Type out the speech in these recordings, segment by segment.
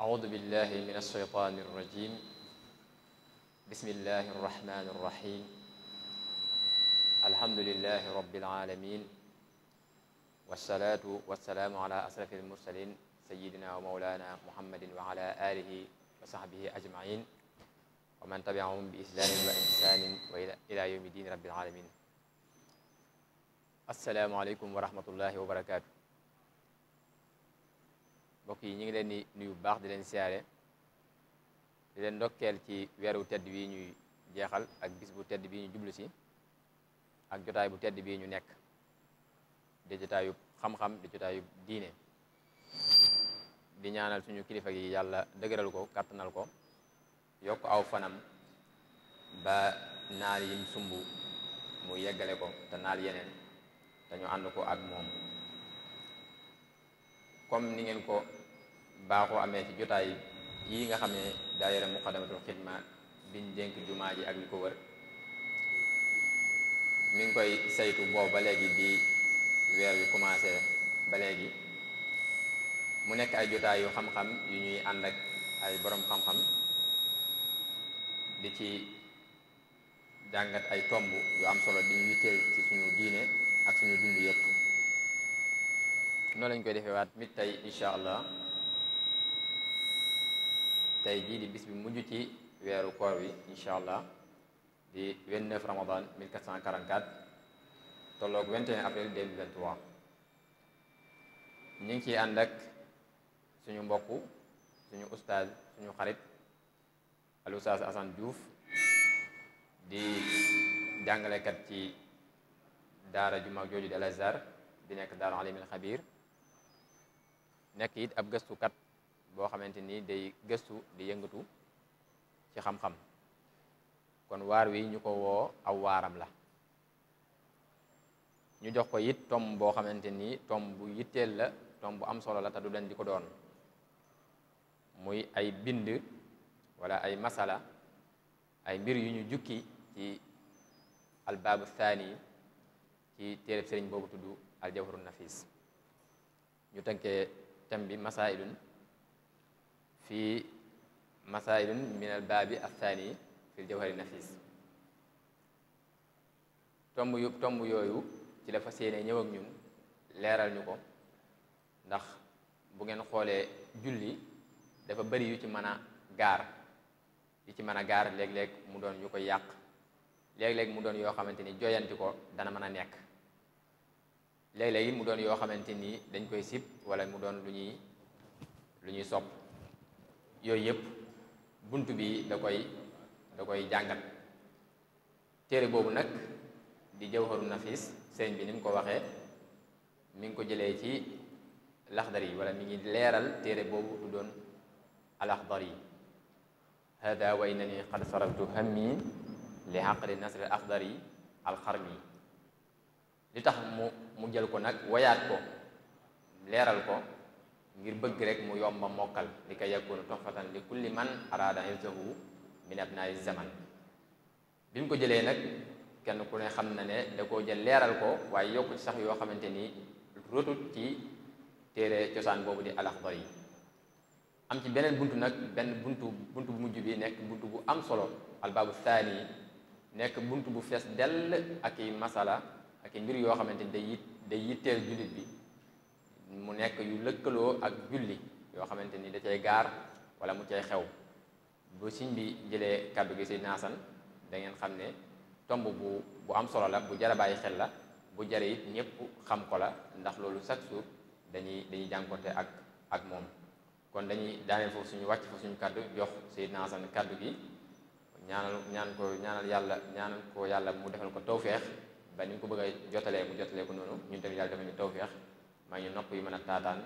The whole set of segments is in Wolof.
أعوذ بالله من الشيطان الرجيم بسم الله الرحمن الرحيم الحمد لله رب العالمين والصلاة والسلام على أشرف المرسلين سيدنا ومولانا محمد وعلى آله وصحبه أجمعين ومن تبعهم بإسلام وإحسان إلى يوم الدين رب العالمين السلام عليكم ورحمة الله وبركاته mbokk yi ñu ngi leen ni nuyu bu baax di leen siyaare di leen ndokkeel ci weeru tedd bii ñuy jeexal ak bis bu tedd bi ñu jublu si ak jotaay bu tedd bii ñu nekk di jotaayu xam-xam di jotaayu diine di ñaanal suñu kilifa gi yàlla dëgëral ko kàttanal ko yokk aw fanam ba naar yim sumb mu yeggale ko te naal yeneen te ànd ko ak moom comme ni ko baaxoo amee ci jotaay yi nga xam ne daayira muqaddamatul xidma biñ dénk jumaa ji ak li ko wër mi koy saytu boobu ba léegi bi weer yu commencé ba léegi mu nekk ay jotaay yu xam-xam yu ñuy ànd ay boroom xam-xam di ci jàngat ay tomb yu am solo di ñu teel ci suñu diine ak suñu dund yëpp noonu lañ koy defee waat mit tey incha allah tey jii di bis bi mujj ci weeru koor wi incha allah di 29 ramadan 1444 tolloog 21 avril 2023 ñu ngi ciy ànd suñu mbokk suñu ustaaz suñu xarit al ustaaz Assane Diouf di jàngalekat ci daara ju mag jooju di Al Azhar di nekk daara alimil xabir nekk it ab gëstukat boo xamante ni day gëstu di yëngatu ci xam-xam kon waar wi ñu ko woo aw waaram la ñu jox ko yit tom boo xamante ni tomb bu yitteel la tom bu am solo la te du leen di ko doon muy ay bind wala ay masala ay mbir yu ñu jukki ci albaabu thani ci téereb sëriñ boobu tudd aljawharu nafis ñu tënkee thème bi masailun fi masailun min al baabi athani fi jawhari nafis tomb yu tomb yooyu ci la fas yéene ñëw ak ñun leeral ñu ko ndax bu ngeen xoolee julli dafa bari yu ci mën a gaar yu ci mën a gaar léeg-léeg mu doon yu ko yàq léeg-léeg mu doon yoo xamante ni joyanti ko dana mën a nekk léeg-léeg mu doon yoo xamante ni dañ koy sib wala mu doon lu ñuy lu ñuy sopp yooyu yëpp bunt bi da koy da koy jàngat téere boobu nag di jawharu nafis seen bi ni mu ko waxee mi ngi ko jëlee ci laxdar yi wala mi ngi leeral téere boobu doon alaxdar yi hada wa inna ni qad saraftu hammi li xaqli nasri axdar yi alxarmi li tax mu mu jël ko nag woyaat ko leeral ko ngir bëgg rek mu yomba mokkal di li kay yakunu toxfatan li kulli man araada hifzahu min abnaai zaman bi mu ko jëlee nag kenn ku ne xam na ne da koo jël leeral ko waaye yokku ci sax yoo xamante ni rotut ci téere cosaan boobu di alaxdar yi am ci beneen bunt nag benn bunt buntu bu mujj bi nekk buntu bu am solo albaabu thaani nekk bunt bu fees dell ak i masala ak i mbir yoo xamante ni day yit day yitteel jullit bi mu nekk yu lëkkaloo ak julli yoo xamante ni da cay gaar wala mu cay xew bu siñ bi jëlee kàddu gi si naasan dangeen xam ne tomb bu bu am solo la bu jara bàyyi xel la bu jare it ñëpp xam ko la ndax loolu chaque jour dañuy dañuy jànkonte ak ak moom kon dañuy daaneel foofu suñu wàcc foofu suñu kàddu jox si naasan kàddu gi ñaanal ñaan ko ñaanal yàlla ñaanal ko yàlla mu defal ko tawfeex ba ni mu ko bëgg a jotalee mu jotalee ko noonu ñu tamit yàlla defal ñu tawfeex may ñu nopp yu mën a taataan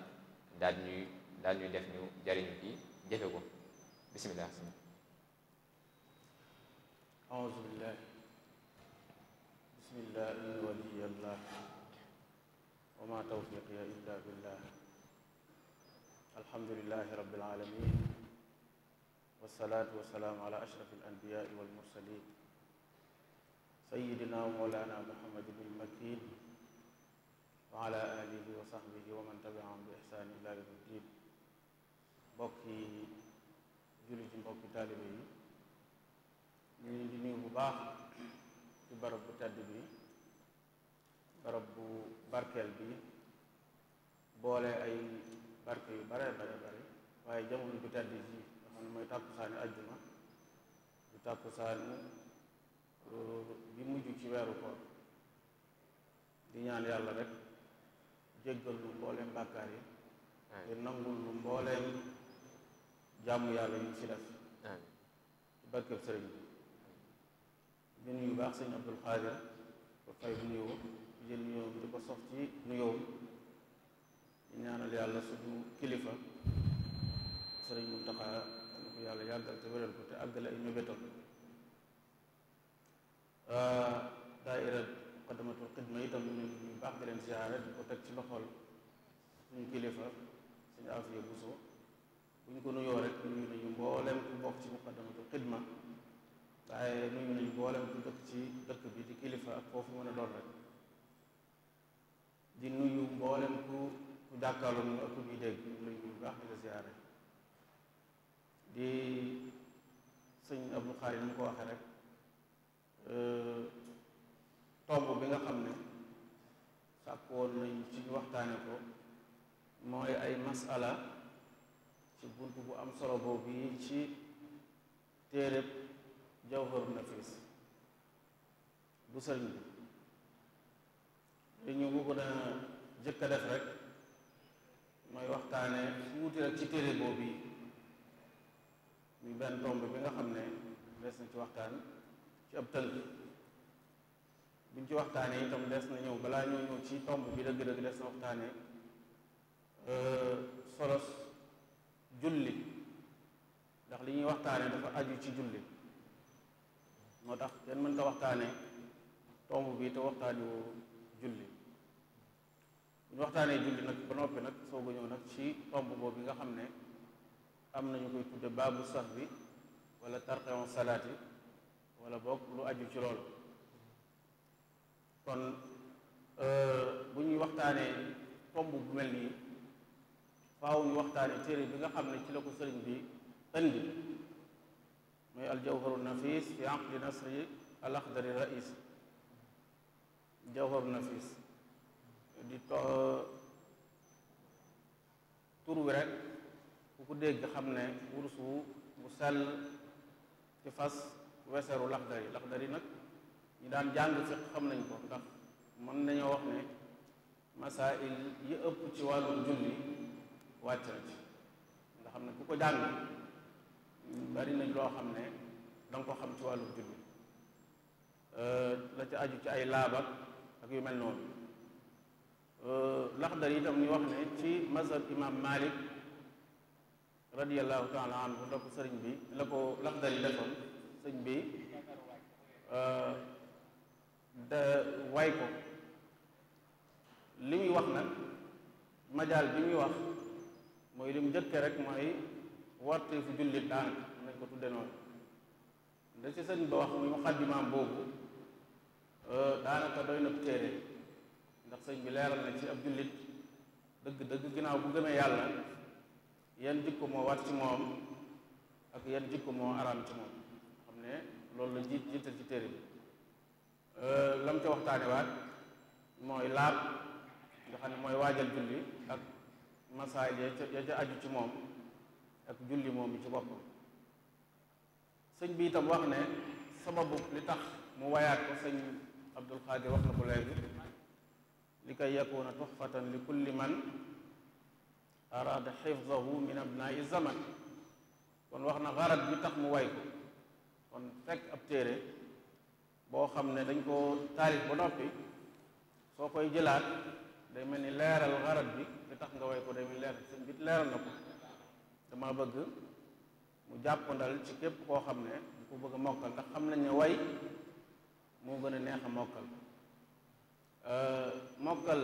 daal ñuy daal ñuy def ñu jariñu ci jëfe ko bismillah أعوذ بالله بسم الله إن ولي الله وما توفيقي إلا بالله الحمد لله رب العالمين والصلاة والسلام على أشرف الأنبياء والمرسلين سيدنا ومولانا محمد بن المكين wa ala alihi wa sahbihi wa man tabiahum bi ci mbokki yi ñu bu baax ci barab bu tedd bi barab bu barkeel bi boole ay barke yu bare bare waaye jamono bu tedd ji nga xam ne mooy tàkkusaani ajjuma du tàkkusaani uh, bi mujj ci weeru koor di ñaan yàlla rek jéggal lu mbooleem bàkkaar yi te nangul lu mbooleem jaamu yàlla yi ci def ci barkeb sëriñ bi nuyu baax sëñ Abdul Xaadir ba fay bu nuyoo di ko sof ci nuyoo di ñaanal yàlla suñu kilifa sëriñ Muntaxa nu ko yàlla yàggal te wéral ko te àggale ay ñëbétal daaira muqaddamatul xidma itam ñu leen ñu baax di leen siyaare di ko teg ci loxol suñu kilifa suñu afiya bu buñ ko nuyoo rek nuyu nañu mboolem ku bokk ci muqaddamatul xidma waaye nuyu nañu mboolem ku dëkk ci di kilifa ak doon di nuyu mboolem ku ku jàkkaarloo ñu ak ñuy dégg ñu ñu baax di la di sëñ Abdou Xaadir mu ko waxee rek euh, tomb bi nga xam ne sàkkoon nañ ci ñu waxtaane ko mooy ay masala ci bunt bu am solo boobu yi ci téereb jawharu nafis bu sëriñ bi dañu bëggoon a jëkk def rek mooy waxtaane tuuti rek ci téere boobu yi ñu benn tomb bi nga xam ne des na ci waxtaan ci ab tënk buñ ci waxtaanee itam des na ñëw balaa ñoo ñëw ci tomb bi dëgg-dëgg des na waxtaanee euh, solos julli ndax li ñuy waxtaanee dafa aju ci julli moo tax kenn mën ta waxtaanee tomb bii te waxtaanu julli bu ñu waxtaanee julli nag ba noppi nag soog a ñëw nag ci tomb boobu nga xam ne am nañu koy tudde baabu sax bi wala salaat yi wala boog lu aju ci loolu kon euh, bu ñuy waxtaanee tomb bu mel yi faaw ñu waxtaane téere bi nga xam ne ci la ko sëriñ bi indi al aljawharu nafis fi aqdi nasri al akhdari rais jawharu nafis di to euh, tur rek ku ko dégg xam ne wurus bu sell ci fas weseru laxdari laxdari nag ñi daan jàng fiq xam nañ ko ndax mën nañoo wax ne masail yi ëpp ci wàllu julli wàcc na ci nga xam ne ku ko jàng bari nañ loo xam ne da nga ko xam ci wàllu julli la ci aju ci ay laabar ak yu mel noonu laxdar itam ñu wax ne ci mazhab imam malik radiallahu taala anhu la ko sëriñ bi la ko laxdar yi defoon sëriñ bi da way ko li muy wax nag majaal bi muy wax mooy li mu njëkke rek mooy wartee fu jullit daanaka nañ ko tudde noonu da ci sëñ ba wax muy muqaddimaam boobu euh, daanaka doy na téere ndax sëñ bi leeral na ci ab jullit dëgg-dëgg ginnaaw bu gëmee yàlla yan jikko moo war ci ak yan jikko moo araam ci moom xam ne loolu la jiit jiital ci téere bi Euh, lam ca waxtaane waat mooy laab nga xam ne mooy waajal julli ak masaay ya ca aju ci moom ak julli moom yi ci boppam sëñ bi itam wax ne sababu li tax mu wayaat ko sëñ Abdul Xaadir wax ko léegi li koy yakuna tuxfatan li kulli man araada xifdahu min abnaai zaman kon wax na xarat bi tax mu way ko kon fekk ab téere boo xam ne dañ ko taalif ba noppi soo koy jëlaat day mel ni leeral xarat bi li tax nga woy ko day mel leer sëñ bi leeral na ko dama bëgg mu jàppandal ci képp koo xam ne bu ko bëgg a mokkal ndax xam nañ ne way moo gën a neex a mokkal euh, mokkal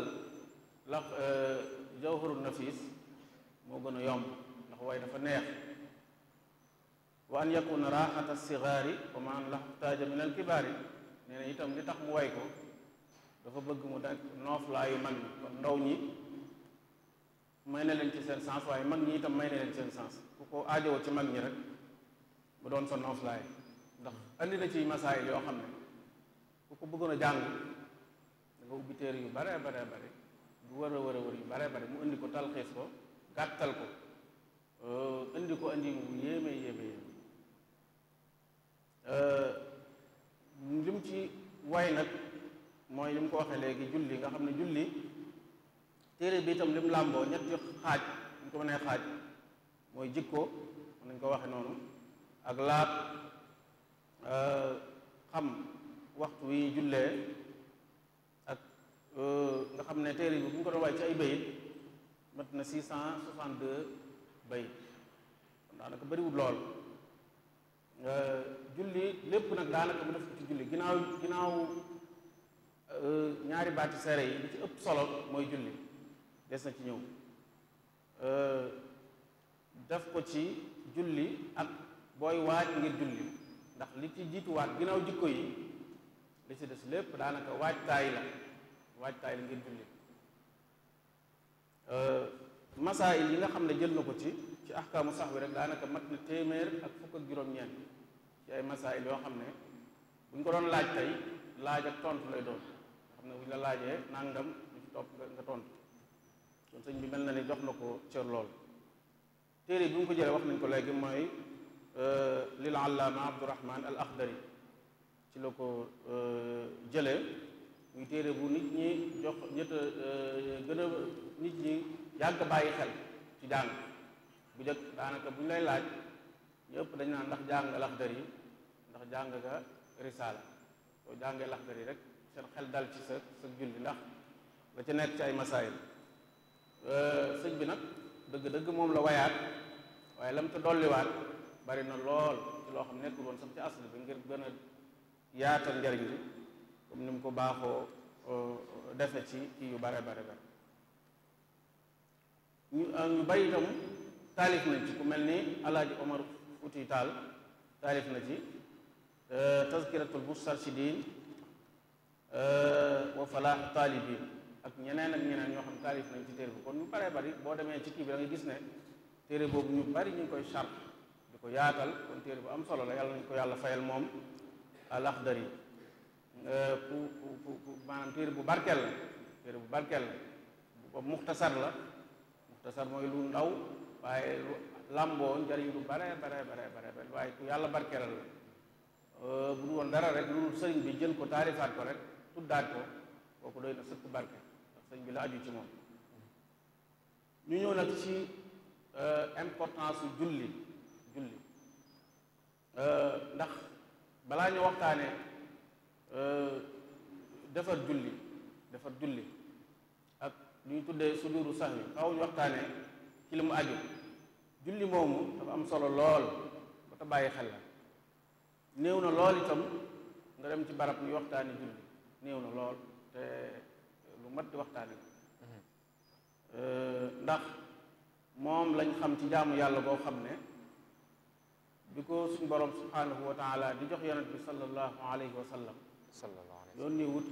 la euh, jawharul nafis moo gën a yomb ndax way dafa neex wa an yakuna raaxata sigaari wa ma an laxtaaja min nee itam li tax mu way ko dafa bëgg mu da nooflaayu mag ñi kon ndaw ñi may na leen ci seen sens waaye mag ñi itam may na leen seen sens ku ko aajowoo ci mag ñi rek mu doon sa nooflaay ndax andi na ciy masaayil yoo xam ne ku ko bëggoon a jàng da nga ubbi téere yu bare bare bare du wër a wër a wër yu bare bare mu indi ko talxiis ko gàttal ko euh, indi ko andi mu yéeme yéeme yéeme euh, lim ci way nag mooy lim ko waxee léegi julli nga xam ne julli téere bi itam lim làmboo ñetti xaaj ñu ko mënee xaaj mooy jikko mën nañ ko waxe noonu ak laab euh, xam waxtu wi jullee ak euh, nga xam ne téere bi bu ko doon waay ci ay bayit mat na 662 bayit kon daanaka bëriwul lool Euh, julli lépp nag daanaka bu def ko ci julli ginnaaw ginnaaw euh, ñaari baati seere yi li ci ëpp solo mooy julli des na ci ñëw euh, def ko ci julli ak booy waaj ngir julli ndax li ci jiituwaat ginnaaw jikko yi li ci des lépp daanaka waajtaay la waaj kaay la ngir julli masaayil yi nga xam ne jël na ko ci ci ahkaamu sax bi rek daanaka mat na téeméer ak fukk ak juróom-ñeent ci ay masaayil yoo xam ne buñ ko doon laaj tey laaj ak tontu lay doon xam ne buñ la laajee nangam lu ci topp nga tontu kon bi mel na ne jox na ko cër lool téere bi mu ko jëlee wax nañ ko léegi mooy la euh, lil allaama abdurahman al akhdari ci la ko euh, jëlee muy téere bu nit ñi jox ñett euh, gën a nit ñi yàgg bàyyi xel ci jàng bu jëkk daanaka bu ñu lay laaj ñëpp dañ naan ndax jàng al akhdari jàng ga risaala boo jàngee Laxdari rek seen xel dal ci sa sa julli ndax la ci nekk ci ay masaayil sëñ bi nag dëgg-dëgg moom la wayaat waaye lam te dolliwaat bari na lool ci loo xam nekkul woon sax ci asli bi ngir gën a yaatal njariñ bi comme ni mu ko baaxoo uh, defe ci kii yu bare bare bare ñu uh, ñu taalif na ci ku mel ni alaaji Omar Fuuti Taal taalif na ci tazkiratul mustarshidin wa falah taalibin ak ñeneen ak ñeneen ñoo xam taalif nañ ci téere bi kon ñu baree bari boo demee ci kii bi da gis ne téere boobu ñu bari ñu ngi koy sharp di ko yaatal kon téere bu am solo la yàlla nañ ko yàlla fayal moom alaxdari euh, ku ku ku maanaam téere bu barkeel la téere bu barkeel la bu muxtasar la muxtasar mooy lu ndaw waaye làmboo njariñ lu bare bare bare bare waaye ku yàlla barkeelal Euh, bu dul woon dara rek loolu sëriñ bi jël ko taarifaat ko rek tuddaat ko kooku doy na sëkk barke ndax sëriñ bi la aju ci moom ñu ñëw nag ci euh, importance julli julli euh, ndax balaa ñu waxtaane defar julli defar julli ak lu ñu tuddee suduuru sax bi xaw ñu waxtaane ci li mu aju julli moomu dafa am solo lool ba ta bàyyi xel la néew na lool itam nga dem ci barab ñuy waxtaani julli néew na lool te lu mat di waxtaani mm-hmm. ndax moom lañ xam ci jaamu yàlla boo xam ne bi ko suñ borom subhanahu wa taala di jox yonent bi sallallahu alayhi wa sallam yoon ni wut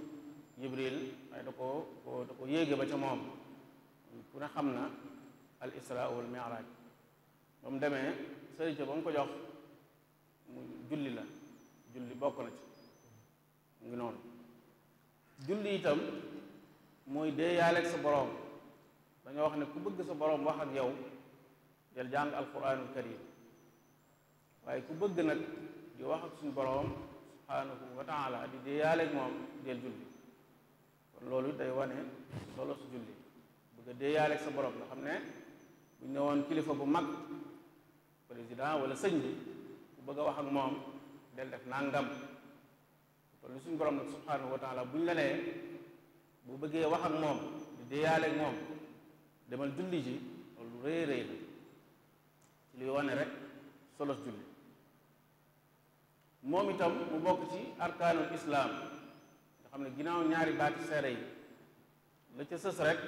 jibril waaye da ko ko da ko yéege ba ca moom ku ne xam na al isra wal mi'raj demee sëriñ ba ko jox mu julli la julli bokk na ci mu ngi noonu julli itam mooy dee yaaleeg sa boroom dañoo wax ne ku bëgg sa boroom wax ak yow del jàng alquranul karim waaye ku bëgg nag di wax ak suñu boroom subhaanahu wa taala di dee moom del julli kon loolu day wane solo su julli bëgg a dee yaaleeg sa boroom nga xam ne bu ñu ne woon kilifa bu mag président wala sëñ bi ku bëgg a wax ak moom del def nangam loolu suñu borom nag subhanahu wa taala buñ la nee bu bëggee wax ak moom di deyaale moom demal julli ji loolu rëy rëy la ci luy wane rek solos julli moom itam mu bokk ci arkaanul islaam nga xam ne ginnaaw ñaari baati seere yi la ca sës rek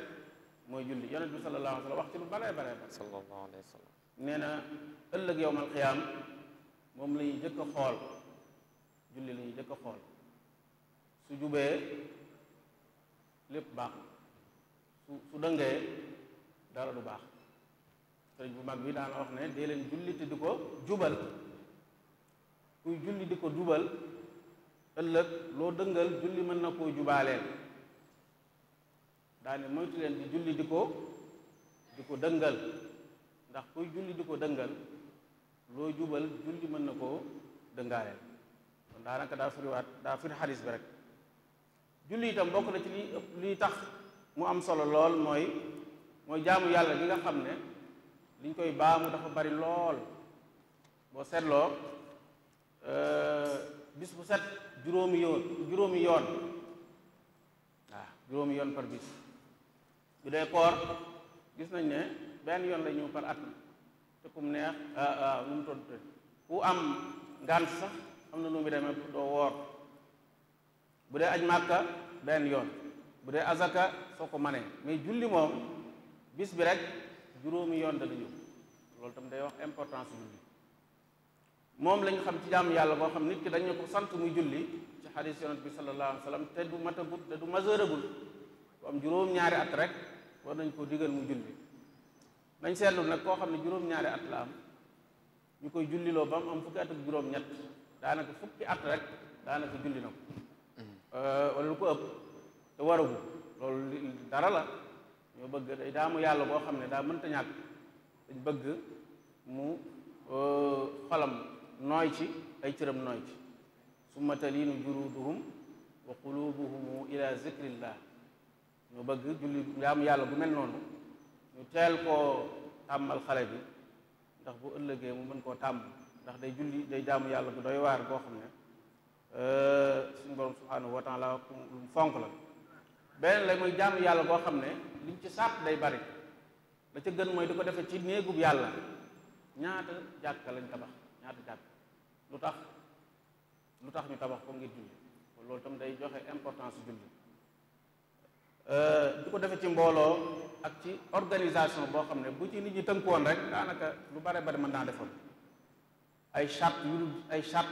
mooy julli yonent bi sallallahu alayhi wa wax ci lu bare bare bare sallallahu nee na ëllëg yowmal qiyaam moom la ñuy jëkk xool julli la ñuy jëkk xool su jubee lépp baax su su dëngee dara du baax sëriñ bu mag bi daana wax ne dee leen julli te di ko jubal kuy julli di ko jubal ëllëg loo dëngal julli mën na koo jubaaleen daane moytu leen di julli di ko di ko dëngal ndax kuy julli di ko dëngal loo jubal julli mën na koo dëngaaleel kon daanaka daa firiwaat daa firi xadis bi rek julli itam bokk na ci li ëpp liy tax mu am solo lool mooy mooy jaamu yàlla gi nga xam ne liñ koy baamu dafa bari lool boo seetloo euh, bis bu set juróomi yoon juróomi yoon waaw juróomi yoon par bis bu dee koor gis nañ ne benn yoon la ñëw par at te kum neex ah, ah, nu ku am ngant sax am na nu mu demee doo woor bu dee aj màkka benn yoon bu dee azaka soo ko manee mais julli moom bis bi rek juróomi yoon dana ñëw loolu tam day wax importance julli moom xam ci jaamu yàlla boo xam nit ki dañu ko sant muy julli ci xadis yonent bi sallallahu alayhi wa sallam te du matagut te du majeuragul bu am juróom-ñaari at rek war nañ koo digal mu julli nañ seetlu nag koo xam ne juróom-ñaari at la am ñu koy julliloo ba am fukki at ak juróom-ñett daanaka fukki at rek daanaka julli na ko euh, wala lu ko ëpp te waragu loolu dara la ñoo bëgg day daamu yàlla goo xam ne daa mënta ñàkk dañ bëgg mu euh, xolam nooy ci ay cëram nooy ci summa taliinu juruuduhum wa qulubuhum ila zikrillah ñoo bëgg julli jaamu yàlla bu mel noonu ñu teel koo tàmmal xale bi ndax bu ëllëgee mu mën koo tàmm ndax day julli day jaamu yàlla bu dooy waar boo xam ne euh, suñu borom subhanahu wa taala lu fonk la beneen la mooy jaamu yàlla boo xam ne liñ ci sàpp day bari la ca gën mooy di ko defee ci néegub yàlla ñaata jàkka lañ tabax ñaata jàkk lu tax lu tax ñu tabax ko ngir julli loolu tam day joxe importance julli euh, di ko defee ci mbooloo ak ci organisation boo xam ne bu ci nit ñi tënkuwoon rek daanaka lu bare bari mën naa defoon ay chart yu ay charte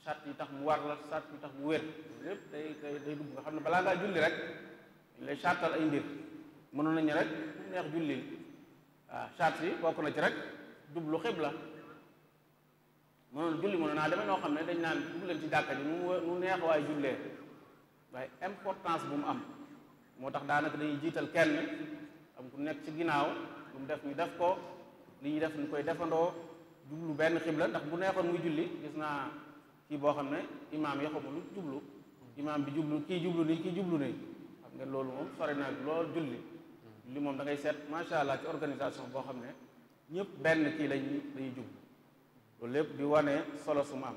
chart yu tax mu war la charte yu tax mu wér lépp day day dugg nga xam ne balaa ngaa julli rek dañ lay chartal ay mbir mënoon nañu rek mu neex jullil waaw charte yi bokk na ci rek jublu xibla mënoon julli mënoon naa demee noo xam ne dañ naan jublu leen ci jàkka ji mu neex waaye jullee waaye importance bu mu am moo tax daanaka dañuy jiital kenn am ku nekk ci ginnaaw lu mu def ñu def ko li ñuy def ñu koy defandoo jublu benn xibla ndax bu neexoon muy julli gis naa kii boo xam ne imaam ya xamul jublu imaam bi jublu kii jublu nii kii jublu nii xam nga loolu moom sore naa lool julli julli moom da ngay seet macha allah ci organisation boo xam ne ñëpp benn kii lañ lañuy jublu loolu lépp di wane solo su mu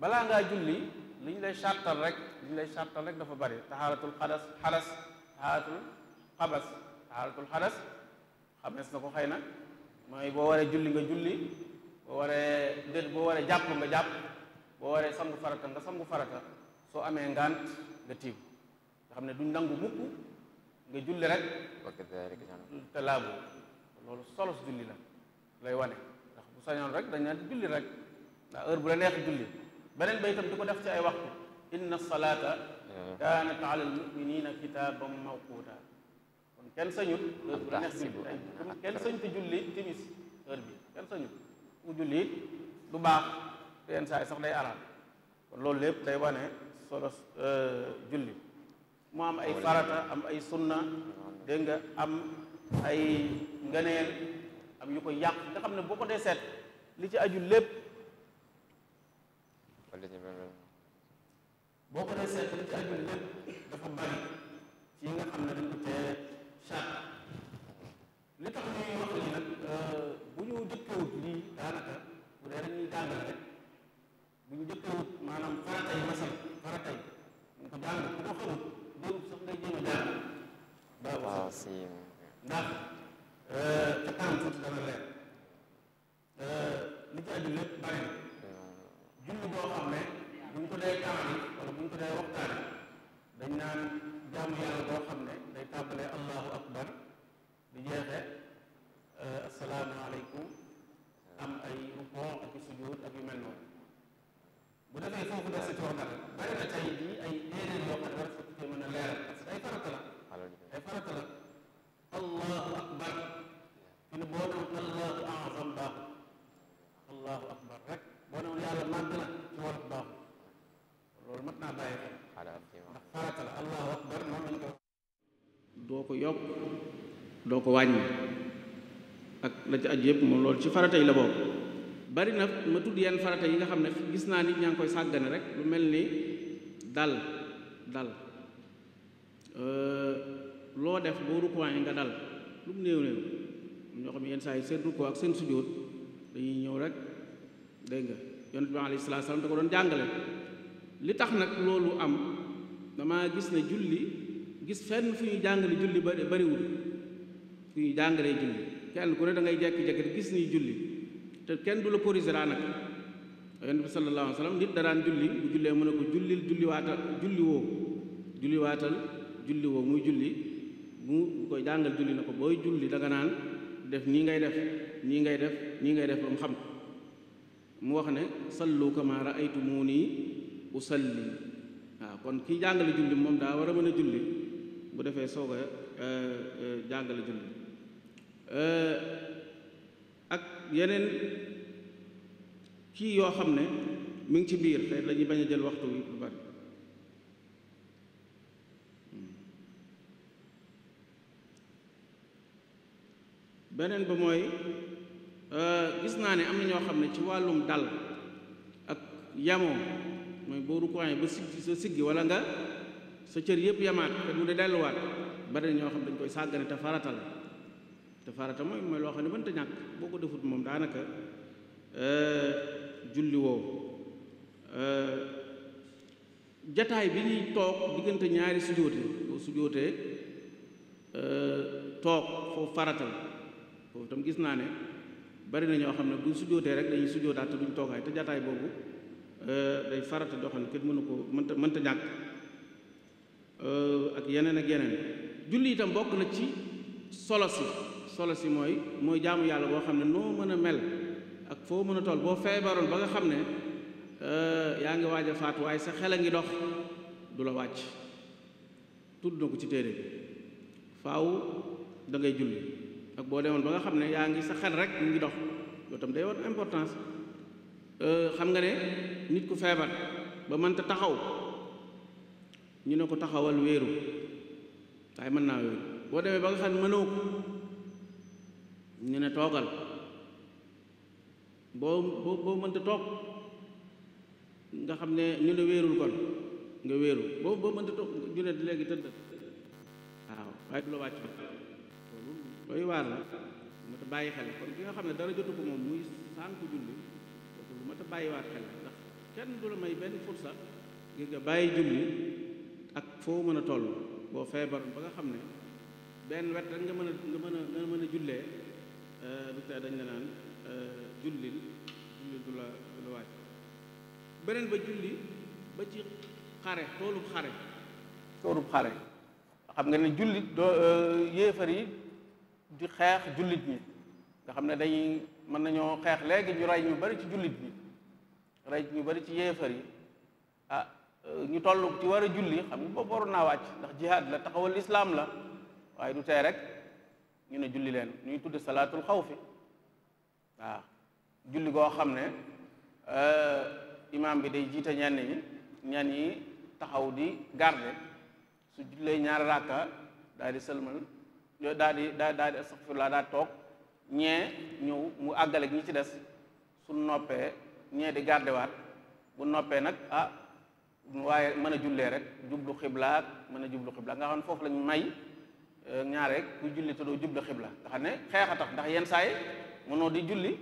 balaa ngaa julli li ñu lay sàttal rek li ñu lay sàttal rek dafa bari taxaaratul xadas xadas taxaaratul xabas taxaaratul xadas xamees na ko xëy na mooy boo waree julli nga julli boo waree déet boo waree jàpp nga jàpp boo waree sangu farata nga sangu farata soo amee ngant nga tiim nga xam ne duñ nangu mukk nga julli rek te laabu loolu solos julli la lay wane ndax bu sañoon rek dañ naan julli rek ndax heure bu la neex julli beneen ba itam di ko def ci ay waxtu inna salaata kaanat ala almuminina kitaaban mawquuta kon kenn sañut heure bu la neex julli kenn sañut julli timis heure bi kenn sañut ku jullit du baax te yenn saa yi sax day araam kon loolu lépp day wane solo euh, julli mu am ay farata am ay sunna dégg am ay ngëneel am yuko ko yàq nga ne boo ko li ci aju lépp boo ko li ci aju lépp dafa bari ci nga xam ne dañ ko tee li tax ñuy wax lii nag euh, bu ñu jëkkewut lii daanaka bu dee rek ñu jëkkewut maanaam faratay masal ñu ko jàng ku ko xamut doon sax day a jàng waaw si ndax ca euh, kanam tuuti dana leer euh, boo xam ne bu ñu ko dee kaani wala bu ñu ko dee waxtaani dañ naan jaamu yàlla boo xam ne day tàmbalee allahu akbar bu jeexee euh, asalaamaaleykum am ay ruqon ak sujud ak yu mel noonu bu defee foofu def si toog nag bari na tey jii ay déedéet yoo xam ne war fukki te mën a leeral parce que ay farata la ay farata la allahu akbar fi nu boo doon allahu azam baaxul allahu akbar rek boo doon yàlla màgg na ci wolof baaxul loolu mat naa bàyyi xel ndax farata la allahu akbar moom lañ ko doo ko yokk doo ko wàññi ak la ci aju yëpp moom loolu ci farata la boobu bari na ma tudd yenn farata yi nga xam ne gis naa nit ñaa koy sàggane rek lu mel ni dal dal loo def boo rukkooyee nga dal lu mu néew néew ñoo xam yenn saa yi seen rukkoo ak seen sujjóot dañuy ñëw rek dégg nga yonent bi alayhi doon jàngale li tax nag loolu am damaa gis ne julli gis fenn fu ñuy jàngale julli bari bariwul ñuy jàngalee julli kenn ku ne da ngay jekki-jekki di gis ñuy julli te kenn du la corriger raa nag yonent bi sallallahu alayhi wa sallam nit daraan julli bu jullee mu ne ko jullil julli woo julliwaatal julli woo muy julli mu koy na ko booy julli da nga naan def nii ngay def nii ngay def nii ngay def ba mu xam mu wax ne sallu kama raaytumuni usalli waaw kon kii jàngale julli moom daa war a mën a julli bu defee soog a eh, eh, jàngale julli ak yeneen kii yoo xam ne mi ngi ci biir te dañuy bañ a jël waxtu wi bu bari beneen ba mooy gis naa ne am na ñoo xam ne ci wàllum dal ak yamoo mooy boo rukkooyee ba siggi sa siggi walla nga sa cër yëpp yamaat te mu de delluwaat bari na ñoo xam dañ koy sàggane te farata la te farata mooy mooy loo xam ne mënta ñàkk boo ko defut moom daanaka euh, julli woo euh, jataay bi ñuy toog diggante ñaari sujoote boo sujootee euh, toog foofu farata la tam gis naa ne bari na ñoo xam ne buñ sujootee rek dañuy sujootaat te duñ toogaay te jataay boobu day farata joo kenn mënu ko mënta mënta ñàkk ak yeneen ak yeneen julli itam bokk na ci solo si solo si mooy mooy jaamu yàlla boo xam ne noo mën a mel ak foo mën a tool boo feebaroon ba nga xam ne euh, yaa ngi waaj a faatu waaye sa xel a ngi dox du la wàcc tudd na ko ci téere bi faaw da ngay julli ak boo demoon ba nga xam ne yaa ngi sa xel rek mu ngi dox loolu tam day war importance euh, xam nga ne nit ku feebar ba mënta taxaw ñu ne ko taxawal wéeru mën naa boo demee ba nga xam ne mënoo ko ñu ne toogal boo boo boo mënta toog nga xam ne ñu ne wéerul kon nga wéeru boo boo mënta toog ñu léegi tëdd waaw waaye du la wàcc la bàyyi xel kon ki nga xam ne dara jotu ko moom muy sànku julli kooku lu mat a bàyyi waat xel ndax kenn du la may benn fursa ngir nga bàyyi julli ak foo mën a toll boo feebar ba nga xam ne benn wet rek mën a nga mën a nga mën a jullee bu euh, tey dañ la naan euh, jullil jullil du la du la waaj beneen ba julli ba ci xare toolub xare toolub xare xam nga ne jullit doo euh, yéefar yi di xeex jullit ñi nga xam ne dañuy mën nañoo xeex léegi ñu rey ñu bari ci jullit ñi rey ñu bari ci yéefar yi ah ñu toll ci war a julli xam nga boobu waroon naa wàcc ndax jihaad la taxawal islaam la waaye du tey rek ñu ne julli leen ñuy tudd salaatul xawfi waaw julli goo xam ne euh, imaam bi day jiite ñenn ñi ñenn ñi taxaw di garde su jullee ñaar rakka daal di sëlmal daal di daal di astaxfirullah daal toog ñee ñëw mu àggale ak ñi ci des su noppee ñee di gardewaat bu noppee nag ah, waaye mën a jullee rek jublu xiblaat mën a jublu xiblaat nga xam ne foofu lañ may ñaare ku julli te doo la xibla nga xam ne xeex a tax ndax yenn saa yi mënoo di julli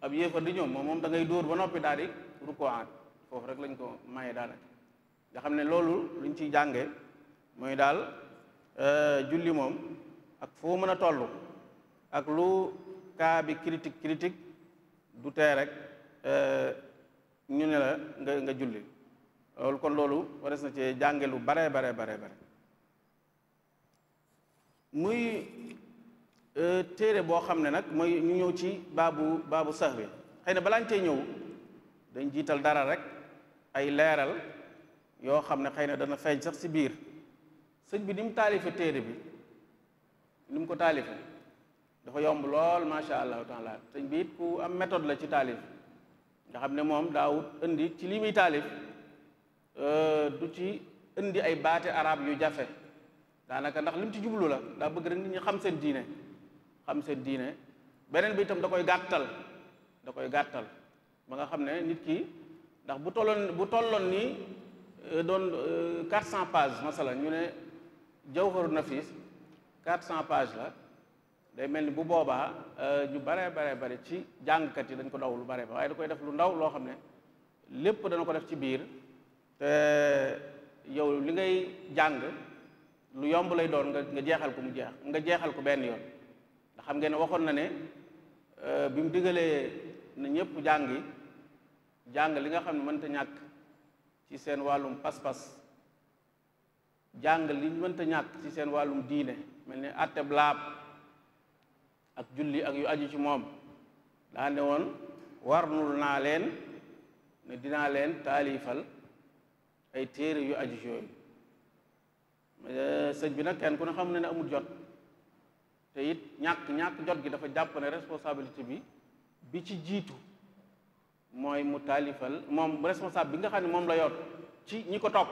ab yéefar di ñëw moom moom da dóor ba noppi daal di rukuwaat foofu rek lañ ko maye daanaka nga xam ne loolu lu ñu ciy jànge mooy daal euh, julli moom ak foo mën a toll ak lu kaa bi critique critique du tee rek euh, ñu ne la nga nga julli loolu kon loolu wares na ci jànge lu bare bare bare bare muy euh, téere boo xam ne nag mooy ñu ñëw ci baabu baabu sax bi xëy na balaañ tey ñëw dañ jiital dara rek ay leeral yoo xam ne xëy na dana feeñ sax si biir sëñ bi ni mu taalife téere bi ni mu ko taalife dafa yomb lool macha allahu taala sëñ bi it ku am méthode la ci taalif nga xam ne moom daawut indi ci li muy taalif euh, du ci indi ay baati arab yu jafe daanaka ndax lim ci jublu la daa bëgg rek nit ñi xam seen diine xam seen diine beneen bi itam da koy gàttal da koy gàttal ba nga xam ne nit ki ndax bu tolloon bu tolloon nii euh, doon 400 euh, page masala ñu ne jawharu nafis 400 page la day mel ni bu boobaa euh, ñu bare bare bare ci jàngkat yi dañ ko daw lu bare ba waaye da koy def lu ndaw loo xam ne lépp dana ko def ci biir te yow li ngay jàng lu yomb lay doon nga nga jeexal ko mu jeex nga jeexal ko benn yoon ndax xam ngeen ne waxoon na ne euh, bi mu digalee na ñëpp jàngi jàng li nga xam ne mënta ñàkk ci seen wàllum pas-pas jàng li mënta ñàkk ci seen wàllum diine mel ni àtte blaab ak julli ak yu aju ci moom daa ne woon warnul naa leen ne dinaa leen taalifal ay téere yu aju ci yooyu Euh, sëñ bi nag kenn ku ne xam ne ne amul jot te it ñàkk ñàkk jot gi dafa jàpp ne responsabilité bi bi ci jiitu mooy mu taalifal moom responsable bi nga xam ne moom la yor ci ñi ko topp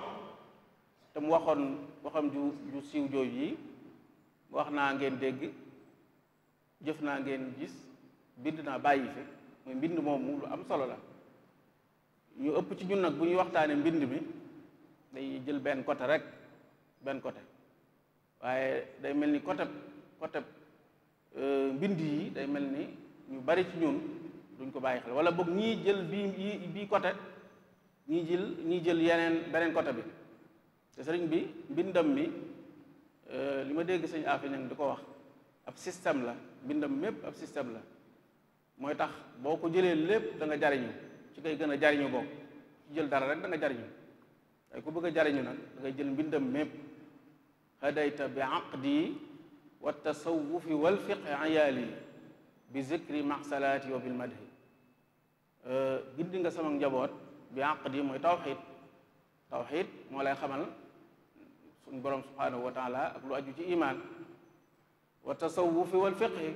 te mu waxoon waxam ju ju siiw jooju yi wax naa ngeen dégg jëf naa ngeen bis bind naa bàyyi fi mooy mbind moomu lu am solo la ñu ëpp ci ñun nag bu ñuy waxtaanee mbind mi day jël benn côté rek benn côté waaye day mel ni côté côté euh, mbind yi day mel ni ñu bari ci ñun duñ ko bàyyi xel wala boog ñii jël bii bii côté ñii jël ñii jël yeneen beneen côté bi te sëriñ bi mbindam mi euh, li ma dégg sëñ Afi Ñang di ko wax ab système la mbindam mépp ab système la mooy tax boo ko jëlee lépp da nga jariñu ci ngay gën a jariñu bokk ci jël dara rek da nga jariñu waaye ku bëgg jariñu nag da ngay jël mbindam mépp hadayta bi aqdi wa tasawufi wa fiqi ayaali bi zikri maxsalaati wa bil madhi gindi nga sama njaboot bi aqdi mooy tawxid tawxid moo lay xamal suñ borom subhanahu wa taala ak lu aju ci imaan wa tasawufi wal fiqi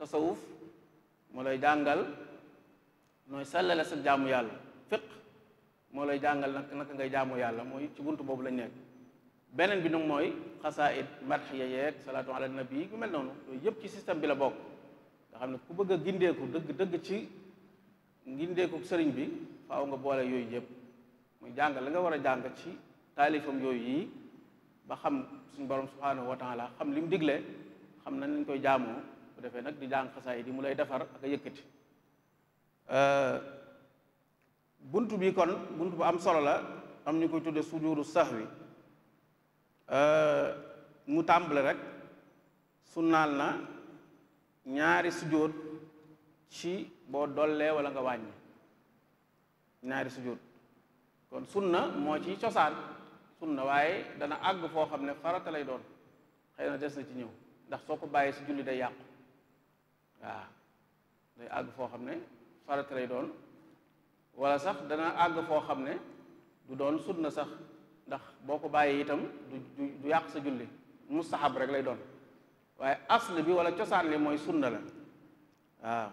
tasawuf moo lay jàngal nooy sellale sa jaamu yàlla fiq moo lay jàngal nag naka ngay jaamu yàlla mooy ci bunt boobu lañ nekk beneen bi nag mooy xasaayid madx ya yeeg salaatu ala nabi bu mel noonu yooyu yëpp ci système bi la bokk nga xam ne ku bëgg a gindeeku dëgg dëgg ci gindeeku sëriñ bi faaw nga boole yooyu yëpp muy jàng la nga war a jàng ci taalifam yooyu yi ba xam suñu borom subhanahu wa taala xam li digle xam nañ lañ koy jaamoo bu defee nag di jàng xasaayid yi mu lay defar ak a yëkkati euh, bunt bi kon bunt bu am solo la am ñu koy tudde sax wi Euh, mu tàmbale rek sunnaal na ñaari sujjóot ci boo dollee walla nga wàññi ñaari sujjóot kon sunna moo ci cosaan sunna waaye dana àgg foo xam ne farata lay doon xëy na des na ci ñëw ndax soo ko bàyyee si julli day yàqu waaw day àgg foo xam ne farata doon wala sax dana àgg foo xam ne du doon sunna sax ndax boo ko bàyyi itam du du yàq sa julli mustahab rek lay doon waaye asl bi wala cosaan li mooy sunna la waaw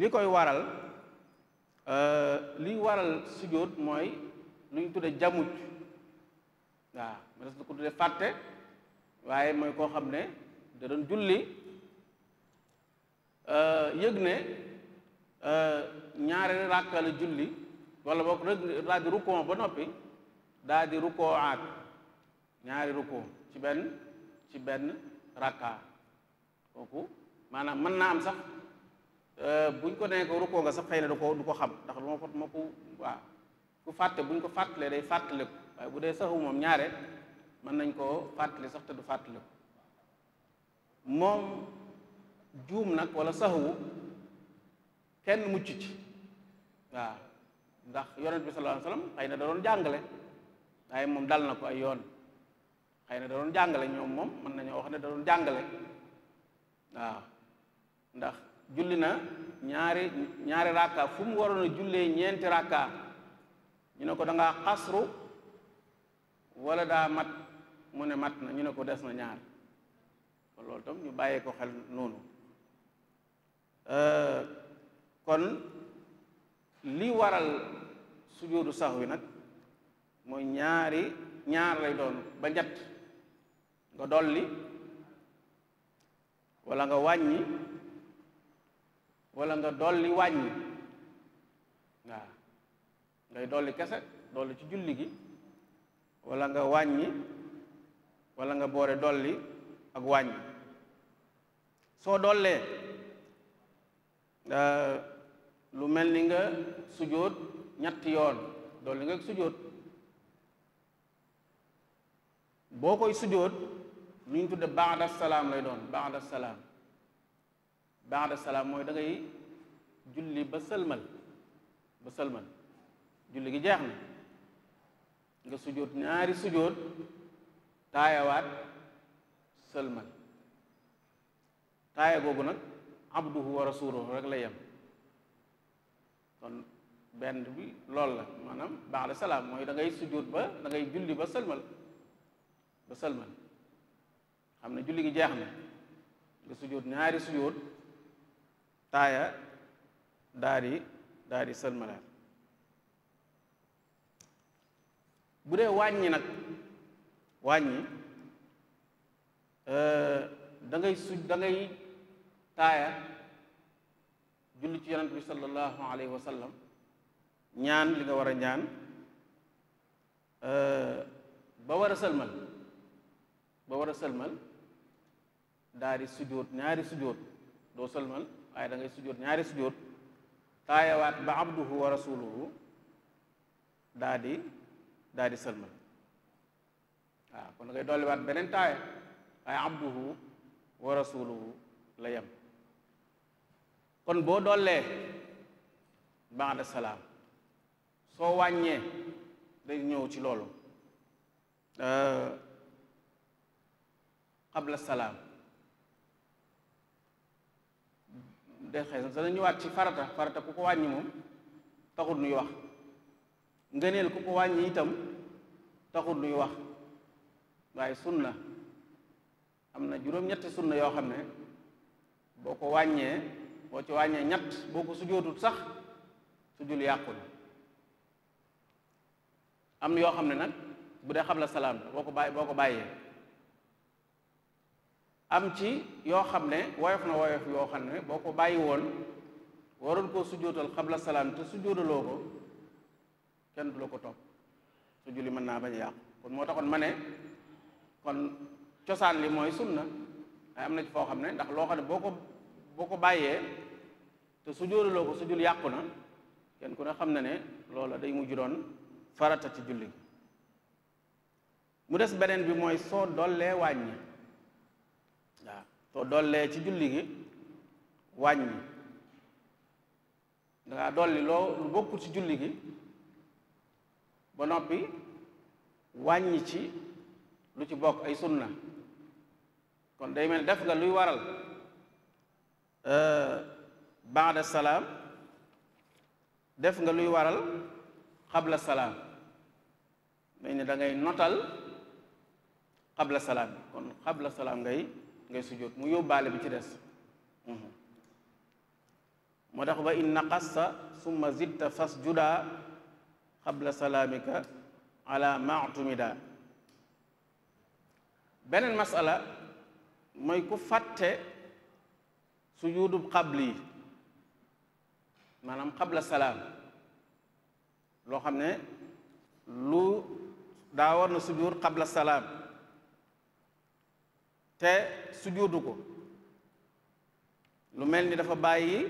li koy waral euh, liy waral sujjóot mooy lu ñu tuddee jamuj waaw manes na ko tudde fàtte waaye mooy koo xam ne da doon julli euh, yëg ne euh, ñaari ràkka la julli wala boo rek daal di ba noppi daa di rukkoo aat ñaari rukkoo ci benn ci benn rakka kooku maanaam mën naa am sax euh, buñ ko nee ko rukkoo nga sax xëy na du ko du ko xam ndax lu ma ko ma ko waa ku fàtte buñ ko fàttalee day fàttale ko waaye bu dee saxu moom ñaare mën nañ koo fàttali sax te du fàttale ko moom juum nag wala saxu kenn mucc ci waaw ndax yonent bi sallallahu alayhi wasallam xëy na da doon jàngale ay moom dal na ko ay yoon xëy na da doon jàngale ñoom moom mën nañoo wax ne da doon jàngale waaw ndax julli na ñaari ñaari rakka fu mu waroon a jullee ñeenti ràkka ñu ne ko danga ngaa xasru wala daa mat mu ne mat na ñu ne ko des na ñaar kon loolu tam ñu bàyyee ko xel noonu euh, kon li waral sujoodu sax wi nag mooy ñaari ñaar lay doon ba ñett nga dolli walla nga wàññi walla nga dolli wàññi ngay dolli kese dolli ci julli gi walla nga wàññi walla nga boore dolli ak wàññi soo dollee euh, lu mel ni nga sujjóot ñetti yoon dolli nga sujjóot boo koy sujjóot lu ñu tudde baada salaam lay doon baada salaam baada salaam mooy dangay julli ba sëlmal ba sëlmal julli gi jeex na nga sujjóot ñaari sujjóot taayawaat sëlmal taaya boobu nag abduhu a rasuluhu rek la yem kon benn bi loolu la maanaam baax baada salaam mooy da ngay sujjóot ba da ngay julli ba sëlmal ba sëlmal xam ne julli gi jeex na nga sujjóot ñaari sujjóot taaya daa di daa di sëlmalaat bu dee wàññi nag wàññi euh, dangay ngay su da ngay taaya julli ci yonent bi sallallahu alayhi wa ñaan li nga war a ñaan euh, ba war a sëlmal ba war a sëlmal daal di sujjóot ñaari sujjóot doo sëlmal waaye dangay ngay sujjóot ñaari sujjóot taayawaat ba abduhu wa rasuluhu daal di daal di sëlmal waa kon da ngay dolliwaat beneen taaya waaye abduhu wa rasuluhu la yem kon boo dollee baada salaam soo wàññee day ñëw ci loolu la salaam de xëy dana ñëwaat ci farata farata ku ko wàññi moom taxut nuy wax ngëneel ku ko wàññi itam taxut nuy wax waaye sunna am na juróom-ñetti sunna yoo xam ne boo ko wàññee boo ci wàññee ñett boo ko sujootul sax sujul yàqul am yoo xam ne nag bu dee xam la salaam boo ko bàyyi boo ko bàyyee am ci yoo xam ne woyof na woyof yoo xam ne boo ko bàyyi woon waroon koo sujjóotal xabla salaam te sujjóotaloo ko kenn du la ko topp su julli mën naa bañ a yàqu kon moo taxoon ma ne kon cosaan li mooy sunna na am na ci foo xam ne ndax loo xam ne boo ko boo ko bàyyee te sujjóotaloo ko su jul yàqu na kenn ku ne xam na ne loola day mujj doon farata ci julli mu des beneen bi mooy soo dollee wàññi soo dollee ci julli gi wàññi dangaa dolli loo lu bokkul ci julli gi ba noppi wàññi ci lu ci bokk ay sunna kon day mel def nga luy waral euh, baada salaam def nga luy waral xabla salaam mel ni dangay ngay xab la salaam kon xabla salaam ngay ngay sujjóot mu yóbbaale bi ci des mhm. moo tax wa in naqasta summa zitta fasjuda qabla salaamika ala maatumida beneen masala mooy ku fàtte sujuudub qabli maanaam qabla salaam loo xam ne lu daa war na sujuud qabla salaam te sujuudu ko lu mel ni dafa bàyyi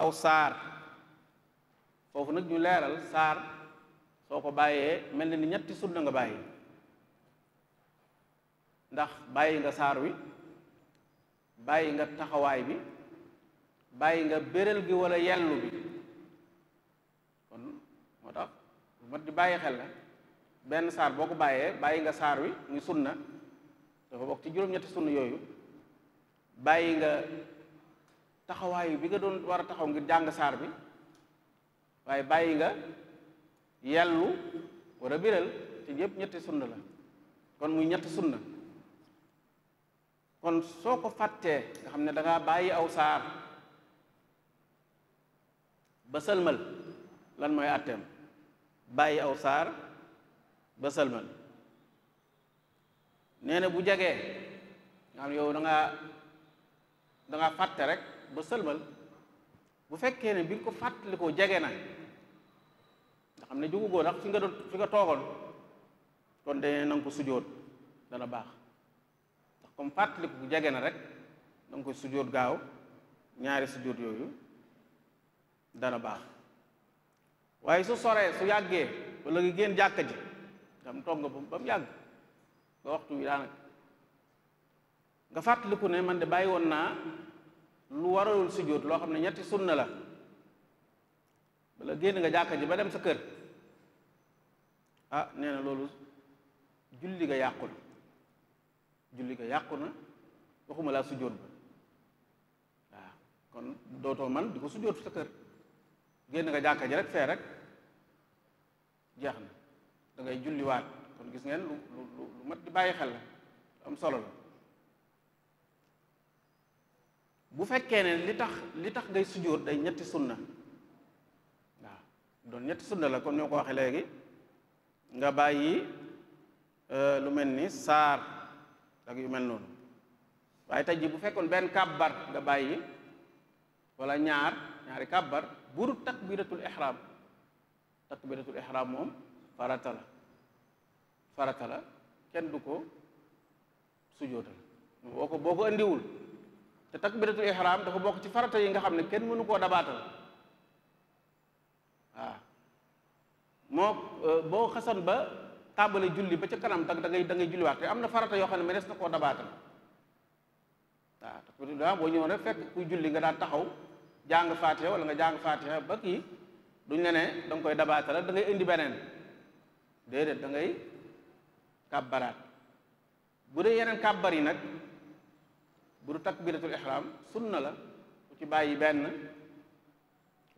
aw saar foofu nag ñu leeral saar soo ko bàyyee mel na ni ñetti sunna nga bàyyi ndax bàyyi nga saar wi bàyyi nga taxawaay bi bàyyi nga bérél gi walla yellu bi kon moo tax lu mat di bàyyi xel la benn saar boo ko bàyyee bàyyi nga saar wi muy na dafa bokk ci juróom-ñetti sunna yooyu bàyyi nga taxawaayu bi nga doon war a taxaw ngir jàng saar bi waaye bàyyi nga yellu wala biral te yëpp ñetti sunna la kon muy ñett sunna kon soo ko fàttee nga xam ne danga bàyyi aw saar ba sëlmal lan mooy àtteem bàyyi aw saar ba sëlmal nee na bu jegee nga xam yow danga danga da fàtte rek ba sëlmal bu fekkee ne bi nga ko fàttali ko jege na nga xam ne jugugoo ndax fi nga doon fi nga toogoon kon dañu na ko sujjóot dana baax ndax comme fàttali ko jege na rek da ko koy sujjóot gaaw ñaari sujjóot yooyu dana baax waaye su soree su yàggee wala nga génn jàkka ji nga xam toog nga ba mu yàgg ba waxtu wi daanaka nga fàttaliku ne man de bàyyi woon naa lu waralul sujjóot loo xam ne ñetti na la bala génn nga jàkka ji ba dem sa kër ah nee na loolu julli ga yàqu na julli ga yàqu na waxuma laa sujjóot ba waaw kon dootoo man di ko sujjóot sa kër génn nga jàkka ji rek fee rek jeex na dangay ngay julliwaat kon gis ngeen lu lu lu mat di bàyyi xel la am solo la bu fekkee ne li tax li tax ngay sujjóot day ñetti sunna waaw doon ñetti sunna la kon ñoo ko waxee léegi nga bàyyi euh, lu mel ni saar ak yu mel noonu waaye tey ji bu fekkoon benn kàbbar nga bàyyi walla ñaar ñaari kàbbar buru takbiratul ihram takbiratul ihram moom farata la farata la kenn du ko sujootal boo ko boo ko andiwul te takbiratul ihram dafa bokk ci farata yi nga xam ne kenn mënu koo dabaatal waaw moo euh, boo xasan ba tàmbali julli ba ca kanam da dangay da ngay julliwaat te am na farata yoo xam ne mënees na koo dabaatal waaw takbiratul ihram boo ñëwoon rek fekk kuy julli nga daan taxaw jàng faatiha wala nga jàng faatiha ba kii duñ la ne koy dabaatal da ngay indi beneen déedéet da ngay kàbbaraat bu dee yeneen kàbbar yi nag bu du takbiratul ihram sunna la ku ci bàyyi benn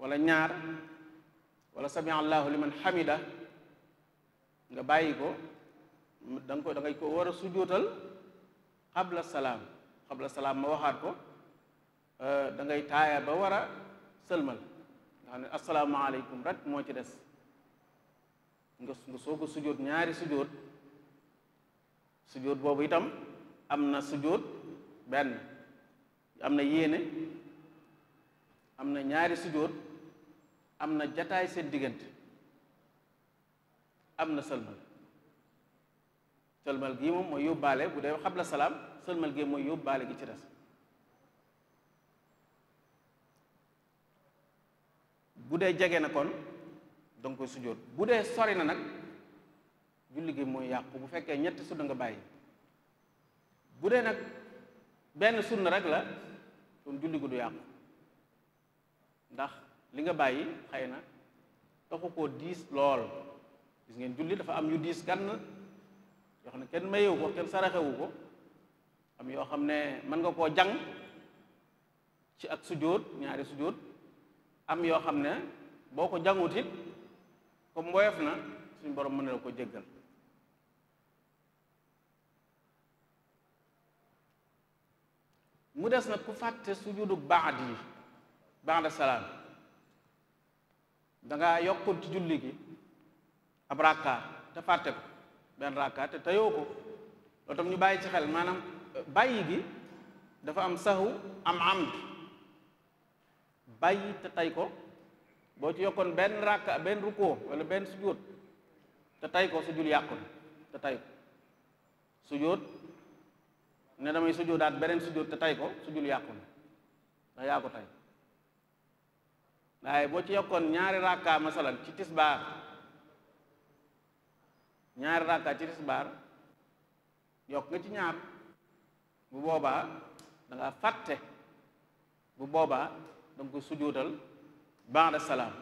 wala ñaar wala sami allahu liman hamida nga bàyyi ko da ko da ngay ko war a sujootal xabla salaam xabla salaam ma waxaat ko euh, da ngay taaya ba war a sëlmal nga xam ne asalaamaaleykum rek moo ci des nga nga soo ko sujoot ñaari sujoot sujjóot boobu itam am na sujjóot benn am na yéene am na ñaari sujjóot am na jataay seen diggante am na sëlmal sëlmal gii moom mooy yóbbaale bu dee la salaam sëlmal gii mooy yóbbaale gi ci des bu dee jege na kon danga koy sujjóot bu dee sori na nag julli gi mooy yàqu bu fekkee ñetti sunna nga bàyyi bu dee nag benn sunna rek la kon julli gu du yàqu ndax li nga bàyyi xay na taxu koo diis lool gis ngeen julli dafa am yu diis gann yoo xam ne kenn mayewu ko kenn saraxewu ko am yoo xam ne mën nga koo jàng ci ak sujjóot ñaari sujjóot am yoo xam ne boo ko jàngut it comme mboyof na suñu borom mën na koo ko mu des nag ku fàtte sujudu baad yi baada salaam danga yokkul ci julli gi ab rakka te fàtte ko benn rakka te teyoo ko loolu tam ñu bàyyi ci xel maanaam euh, bàyyi gi dafa am sahu am amd bàyyi te tey ko boo ci yokkoon benn rakka benn rukkoo wala benn sujjóot te tey ko sujjóot yàqu te tey ko sujjóot ne damay sujjóotaat beneen sujjóot te tay ko sujjóot yàqu na ndax yaa ko tay waaye boo ci yokkoon ñaari rakka masalan ci tisbaar ñaari rakka ci tisbaar yokk nga ci ñaar bu boobaa da nga fàtte bu boobaa da nga ko sujjóotal ba'da salaam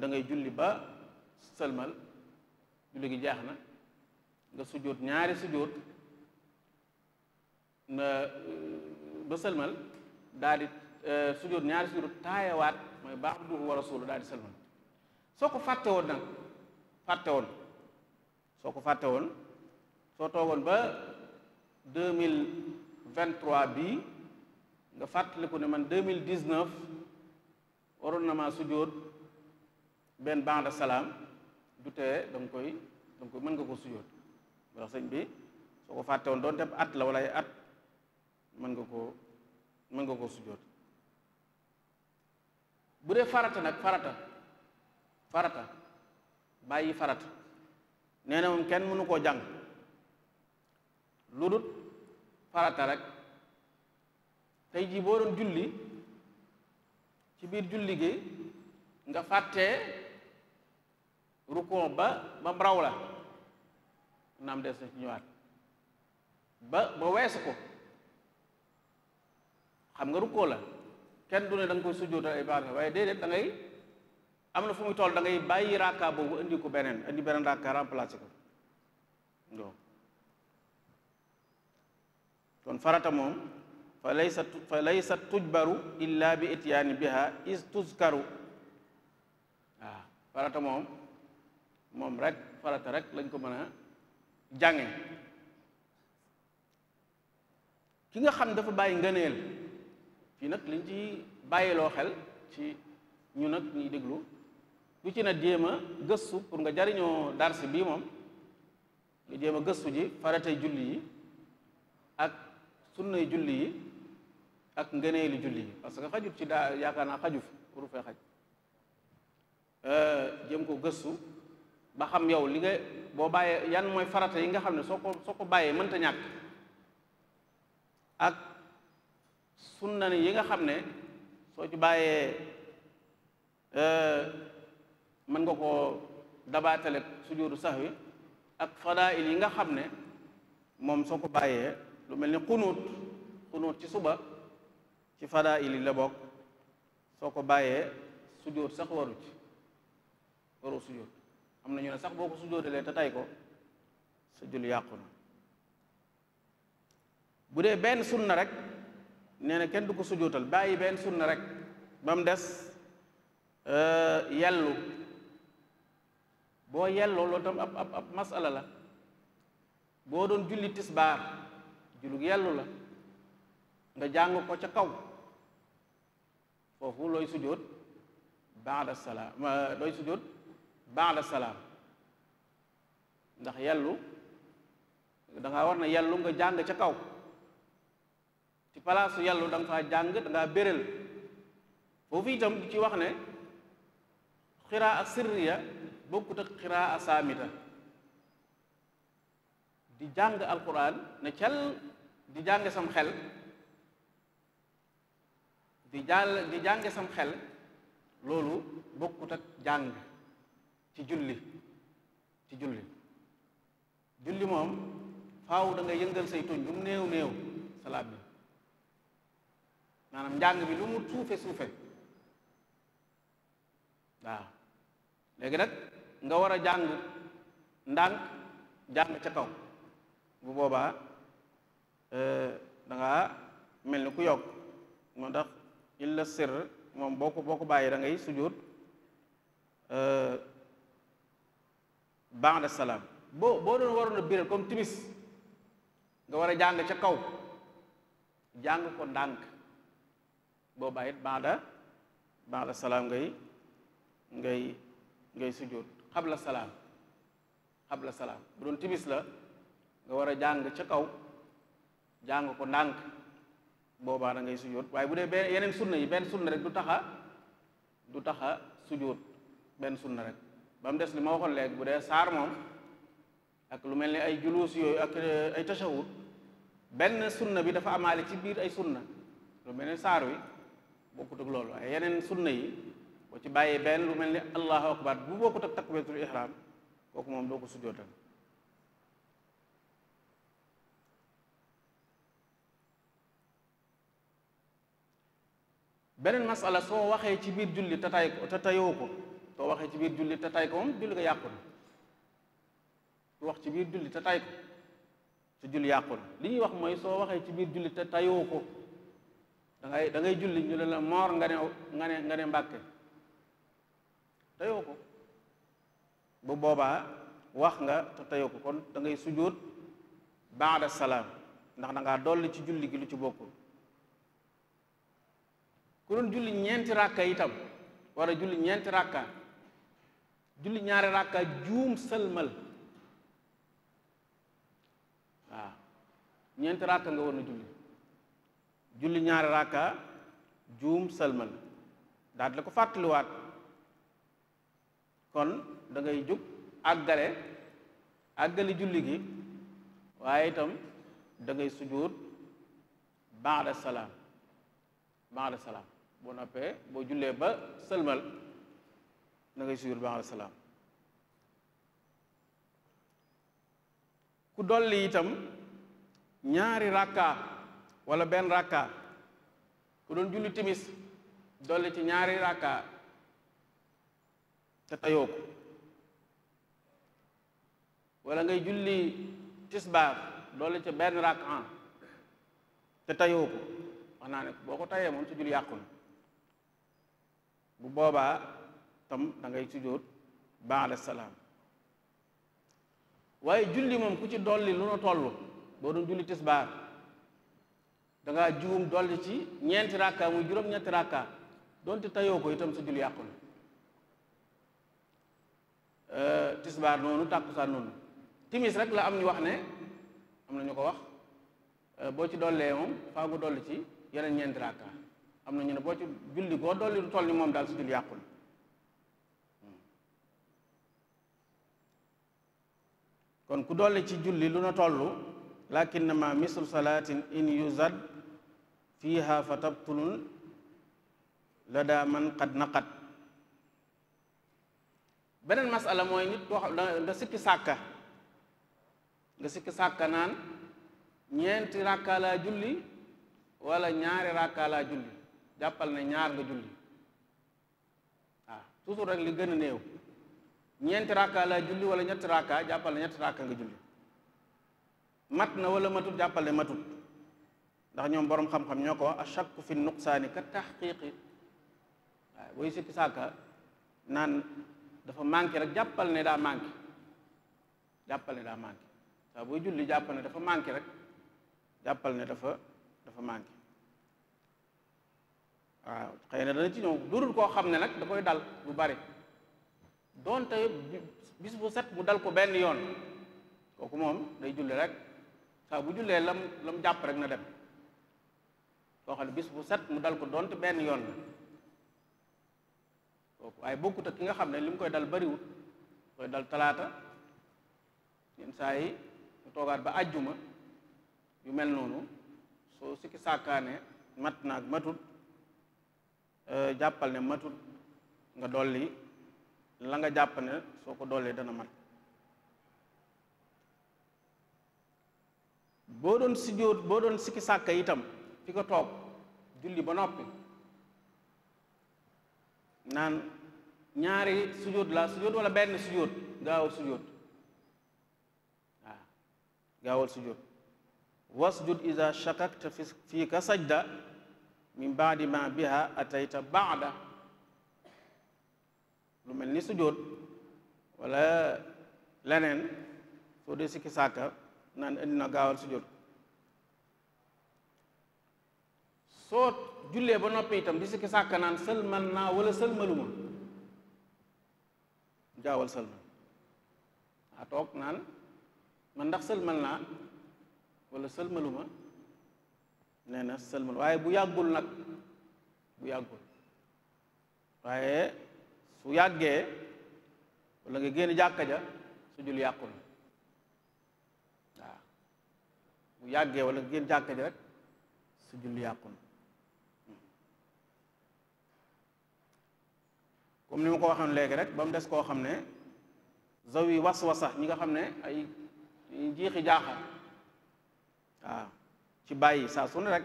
da ngay julli ba sëlmal julli gi jeex na nga sujjóot ñaari sujjóot Euh, ba sëlmal daal di euh, sujjóot ñaari sujjóot taayawaat mooy baax duhu war a daal di sëlmal soo ko fàttewoon woon nag fàtte soo ko fàtte woon toogoon ba deux mille vingt trois bii nga fàttaliku ne man deux mille dix neuf waroon na maa sujjóot benn ba'da salaam du tee da nga koy da koy mën nga ko sujjóot ndax sëñ bi soo ko fàtte woon doon te at la wala ay at. mën nga koo mën nga koo sujjóot bu dee farata nag farata farata bàyyi farata nee moom kenn mënu koo jàng lu dut farata rek tey jii boo doon julli ci biir julli gi nga fàtte rukoo ba ba raw la naam des na ci ñëwaat ba ba weesu ko xam nga rukkoo la kenn du ne da nga koy sujjóota ay baar waaye déedéet da ngay am na fu muy toll da ngay bàyyi raaka boobu indi ko beneen indi beneen raaka remplacé ko donc kon farata moom fa laysa fa laysa tujbaru illa bi ityaani biha is tuzkaru waaw farata moom moom rek farata rek lañ ko mën a jànge ki nga xam dafa bàyyi ngëneel fii nag liñ ci bàyyiloo xel ci ñu nag ñuy déglu lu ci na jéem a gëstu pour nga jariñoo darsi bii moom nga jéem a gëstu ji faratay julli yi ak sunnay julli yi ak ngëneelu julli yi parce que xajut ci daa yaakaar naa xaju fi pour fee xaj euh, jéem ko gëstu ba xam yow li nga boo bàyyee yan mooy farata yi nga xam ne soo ko soo ko bàyyee mënta ñàkk ak sunna ni yi nga xam ne soo ci bàyyee eh, mën nga koo dabaatale sujjóotu sax wi ak fadail yi nga xam ne moom soo ko bàyyee lu mel ni xunuut xunuut ci suba ci fadail yi la bokk soo ko bàyyee sujjóot sax waru ci waru sujjóot am na ñu ne sax boo ko sujjóotalee te tay ko sa jul yàqu bu dee benn sunna rek nee na kenn du ko sujootal bàyyi benn sunna rek ba mu des euh, yellu boo yelloo loolu tam ab ab masala la boo doon julli tisbaar julug yellu la nga jàng ko ca kaw foofu looy sujoot baada salaam looy sujoot baada salaam ndax yellu da war na yellu nga jàng ca kaw ci palaasu yàllu da nga jàng da ngaa foofu itam ci wax ne xiraa sirriya bokkut ak xiraa saamita di jàng alquran ne cal di jàng sam xel di jàll di jànge sam xel loolu bokkut ak jàng ci julli ci julli julli moom faaw da nga yëngal say tuñ lu néew néew salaat bi maanaam njàng bi lu mu suufe suufe waaw léegi nag nga war a jàng ndànk jàng ca kaw bu boobaa euh, da nga mel ni ku yokk moo tax illa sir moom boo ko boo ko bàyyi da ngay sujjóot euh, ba'da salaam boo boo doon waroon a biral comme timis nga war a jàng ca kaw jàng ko ndànk boobaa it baada baada salaam ngay ngay ngay sujjóot xabla salaam xabla salaam bu doon timis la nga war a jàng ca kaw jàng ko ndànk boobaa da ngay sujjóot waaye bu dee benn yeneen sunna yi benn sunna rek du taxa du taxa sujjóot benn sunna rek ba mu des li ma waxoon léegi bu dee saar moom ak lu mel ni ay juluus yooyu ak eh, ay tashahud benn sunna bi dafa amaale ci biir ay sunna lu mel ni saar wi bokkut ak loolu waaye yeneen sunna yi boo ci bàyyi benn lu mel ni allahu akbar bu bokkut ak takbiratul ihram kooku moom doo ko sujjootal beneen masala soo waxee ci biir julli te tay ko te tayoo ko soo waxee ci biir julli te tay ko moom julli nga yàqu su wax ci biir julli te tay ko su julli yàqu li ñuy wax mooy soo waxee ci biir julli te tayoo ko dangay ngay julli ñu ne la moor nga ne nga ne nga ne mbàkke tayoo ko bu boobaa wax nga te tayoo ko kon da ngay sujjóot baada salaam ndax danga ngaa dolli ci julli gi ci bokkul ku doon julli ñeenti ràkka itam war julli ñeenti ràkka julli ñaari ràkka juum sëlmal waaw ñeenti ràkka nga woon na julli julli ñaari raaka juum sëlmal daal la ko fàttaliwaat kon dangay ngay jug àggale àggali julli gi waaye itam dangay ngay sujuut baada salaam baada salaam boo noppee boo jullee ba sëlmal dangay ngay sujuut baada salaam ku dolli itam ñaari rakka walla benn rakka ku doon julli timis dolli ci ñaari rakka te tayoo ko wala ngay julli tisbaar dolli ci benn rakka te tayoo ko naa ne boo ko tayee moom su julli yàqu bu boobaa tam da ngay sujjóot baada salaam waaye julli moom ku ci dolli lu na toll boo doon julli tisbaar danga ngaa juum dolli ci ñeenti rakka muy juróom-ñetti rakka donte tayoo ko itam sa jul yàqu na euh, tisbaar noonu tàkkusaan noonu timis rek la am ñu wax ne am na ñu ko wax euh, boo ci dollee moom faa nga dolli ci yeneen ñeenti rakka am na ñu ne boo ci julli koo dolli du toll ni moom daal si jul yàqu na kon ku dolli ci julli lu na toll lakinna ma mislu salaatin in yuzad fiiha fa tabtulul la daa man qad naqat beneen masala mooy nit koo xam nga sikki sàkka nga sikki sàkka naan ñeenti ràkkaa laa julli wala ñaari ràkkaa laa julli jàppal na ñaar nga julli waaw toujours rek li gën a néew ñeenti ràkkaa laa julli wala ñetti ràkka jàppal ne ñetti ràkkaa nga julli mat na wala matut jàppal ne matut ndax ñoom boroom xam-xam ñoo ko a chaque shakku fi nuqsaani ka taxqiqi waaye booy sikki sàkka naan dafa manqué rek jàppal ne daa manqué jàppal ne daa manqué booy julli jàppal ne dafa manqué rek jàppal ne dafa dafa manqué waaw xëy na dana ci ñëw durul koo xam ne nag da koy dal lu bari doonte bis bu set mu dal ko benn yoon kooku moom day julli rek saa bu jullee lam lam jàpp rek na dem koo xam ne bis bu set mu dal ko donte benn yoon la kooku waaye bokkut ak ki nga xam ne li mu koy dal bariwut koy dal talaata yenn saa yi mu toogaat ba àjjuma yu mel noonu soo sikki sàkkaane mat naag matut euh, jàppal ne matut nga dolli la nga jàpp ne soo ko dollee dana mat boo doon si boo doon sikki sàkka itam fi nga toog julli ba noppi naan ñaari sujjóot la sujjóot wala benn sujjóot gaawal sujjóot waaw gaawal sujjóot wasjud iza shakakta fii ka sajda min baadi ma biha atayta baada lu mel ni sujjóot wala leneen soo dee sikki sàkka naan indi na gaawal sujjóot soo jullee ba noppi itam di sikki sàkk naan sëlmal naa wala sëlmaluma jaawal sëlmal a toog naan man ndax sëlmal naa walla sëlmaluma nee na sëlmal waaye bu yàggul nag bu yàggul waaye su yàggee wala nga génn jàkka ja su jul yàqu na bu yàggee wala nga génn jàkka ja rek su jul yàqu comme ni ma ko waxoon léegi rek ba mu koo xam ne zaw yi waswasa ñi nga xam ne ay jiixi jaaxa waaw ci bàyyi saa rek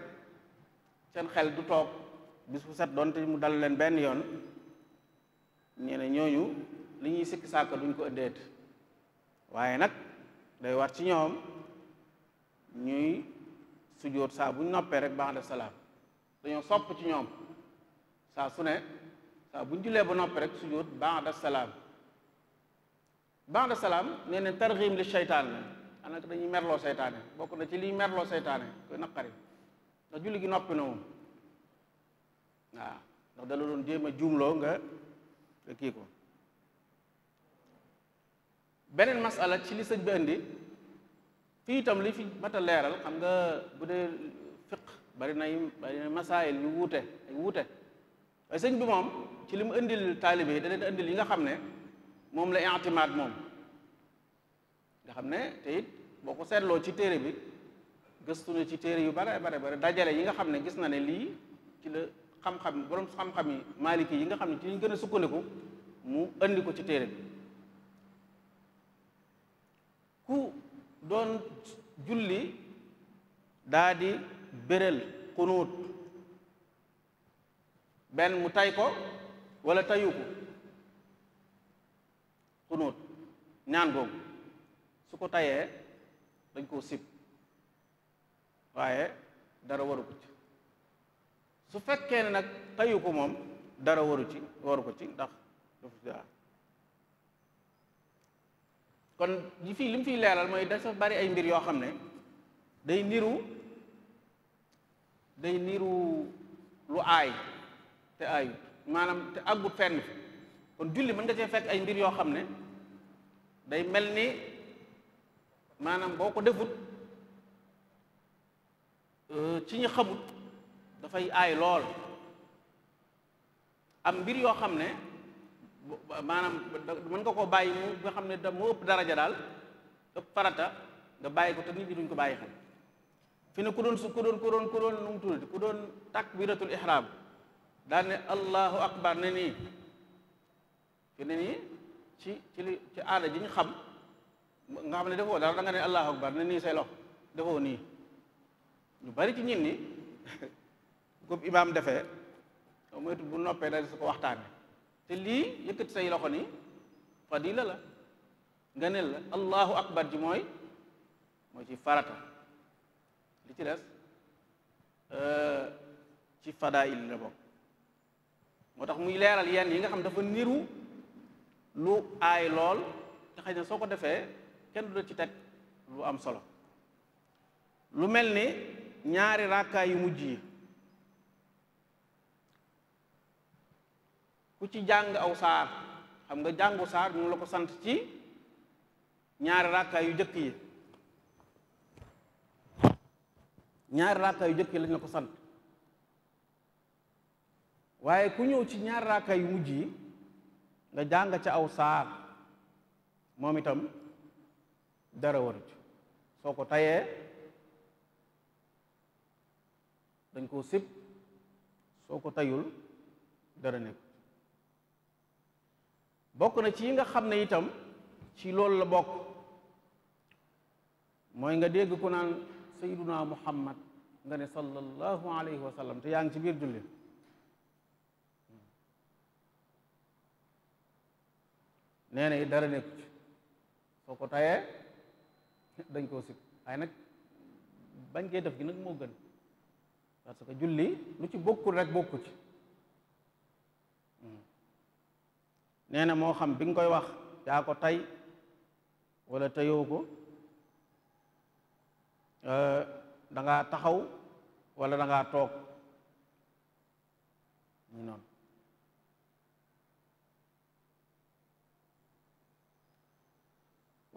seen xel du toog bis bu set mu dal leen benn yoon nee na li ñuy sikki sàkk duñ ko ëddeet waaye nag day war ci ñoom ñuy sujjóot saa buñ noppee rek baax de salaam dañoo sopp ci ñoom saa su ne waaw bu ñu julee ba noppi rek sujjóot baada salaam baada salaam nee na tarxiim li seytaan la anaka dañuy merloo seytaane bokk na ci liy merloo seytaane koy naqari ndax julli gi noppi na moom waaw ndax da doon jéem a juumloo nga nga kii ko beneen masala ci li sa bi indi fii itam li fi a leeral xam nga bu dee fiq bari nay bari na masaayil yu wuute ay wuute waaye sëñ bi moom ci li mu indil taalibe yi da leen indil yi nga xam ne moom la intimaat moom nga xam ne tey boo ko seetloo ci téere bi gëstu na ci téere yu bare bare bare dajale yi nga xam ne gis na ne lii ci la xam-xam borom xam-xam yi maaliki yi nga xam ne ci ñu gën a sukkandiku mu indi ko ci téere bi ku doon julli daa di bérél xunuut benn mu tay ko wala tayu ko xunóot ñaan googu su ko tayee dañ koo sib waaye dara waru ko ci su fekkee ne nag tayu ko moom dara waru ci waru ko ci ndax dafa kon li fii li fiy leeral mooy dafa bari ay mbir yoo xam ne day niru day niru lu aay te aayut maanaam te àggut fenn fi kon julli mën nga cee fekk ay mbir yoo xam ne day mel ni maanaam boo ko defut euh, ci ñu xamut dafay aay lool am mbir yoo xam ne maanaam mën nga koo bàyyi mu nga xam ne da moo ëpp daraja daal ëpp farata nga bàyyi ko te nit ñi duñ ko bàyyi xel fi ne ku doon su ku doon ku doon ku doon nu mu tuddati ihraam daal ne allahu akbar ne nii fi ne nii ci ci ci aada ji ñu xam nga xam ne defoo dara da nga ne allahu akbar ne nii say loxo defoo nii ñu bari ci ñin ni ko imaam defee moytu bu noppee da su ko waxtaane te lii yëkkati say loxo nii fadila la nga ne la allahu akbar ji mooy mooy ci farata li ci des euh, ci fadaa il la bokk moo tax muy leeral yenn yi nga xam dafa niru lu aay lool te xëy na soo ko defee kenn du la ci teg lu am solo lu mel ni ñaari ràkkaa yu mujj yi ku ci jàng aw saar xam nga jàngu saar ñu la ko sant ci ñaari ràkkaa yu jëkk yi ñaari ràkkaa yu jëkk yi lañ la ko sant waaye ku ñëw ci ñaar raaka yu mujj yi nga jàng ca aw saar moom itam dara waru ci soo ko tayee dañ koo sib soo ko tayul dara nekk bokk na ci yi nga xam ne itam ci loolu la bokk mooy nga dégg ku naan sayyiduna muhammad nga ne sallallahu alayhi wa sallam te yaa ngi ci biir julli nee na it dara nekku ci soo ko tayee dañ koo sib waaye nag bañ koy def gi nag moo gën parce que julli lu ci bokkul rek bokku ci hmm. nee na moo xam bi nga koy wax yaa ko tay walla tayoo ko euh, da ngaa taxaw wala da toog ñu noonu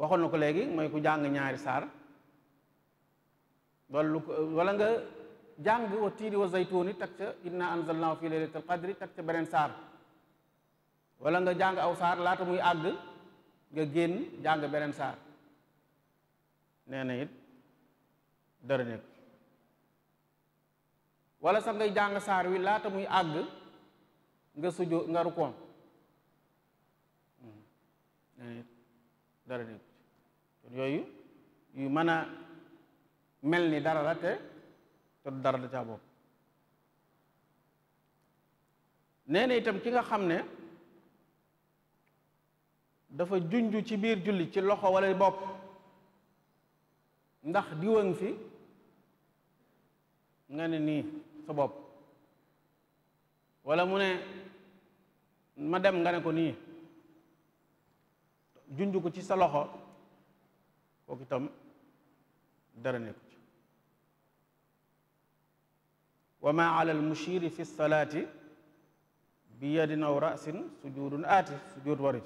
waxoon na ko léegi mooy ku jàng ñaari saar wala nga jàng wa tiini wa zaytuuni teg ca inna anzalnaahu fi laylatil qadri teg ca beneen saar wala nga jàng aw saar laata muy àgg nga génn jàng beneen saar nee na it dara nekk wala sax ngay jàng saar wi laata muy àgg nga sujjo nga rukoon hmm. nee na dara nekk yooyu yu mën a mel ni dara la te du dara da caa bopp nee itam ki nga xam ne dafa junj ci biir julli ci loxo wala bopp ndax diwang fi nga ne nii sa bopp wala mu ne ma dem nga ne ko nii junj ko ci sa loxo kooku itam dara nekku ci wa ma ala almushiri fi salaati bi yadin aw rasin sujudun aati sujud waru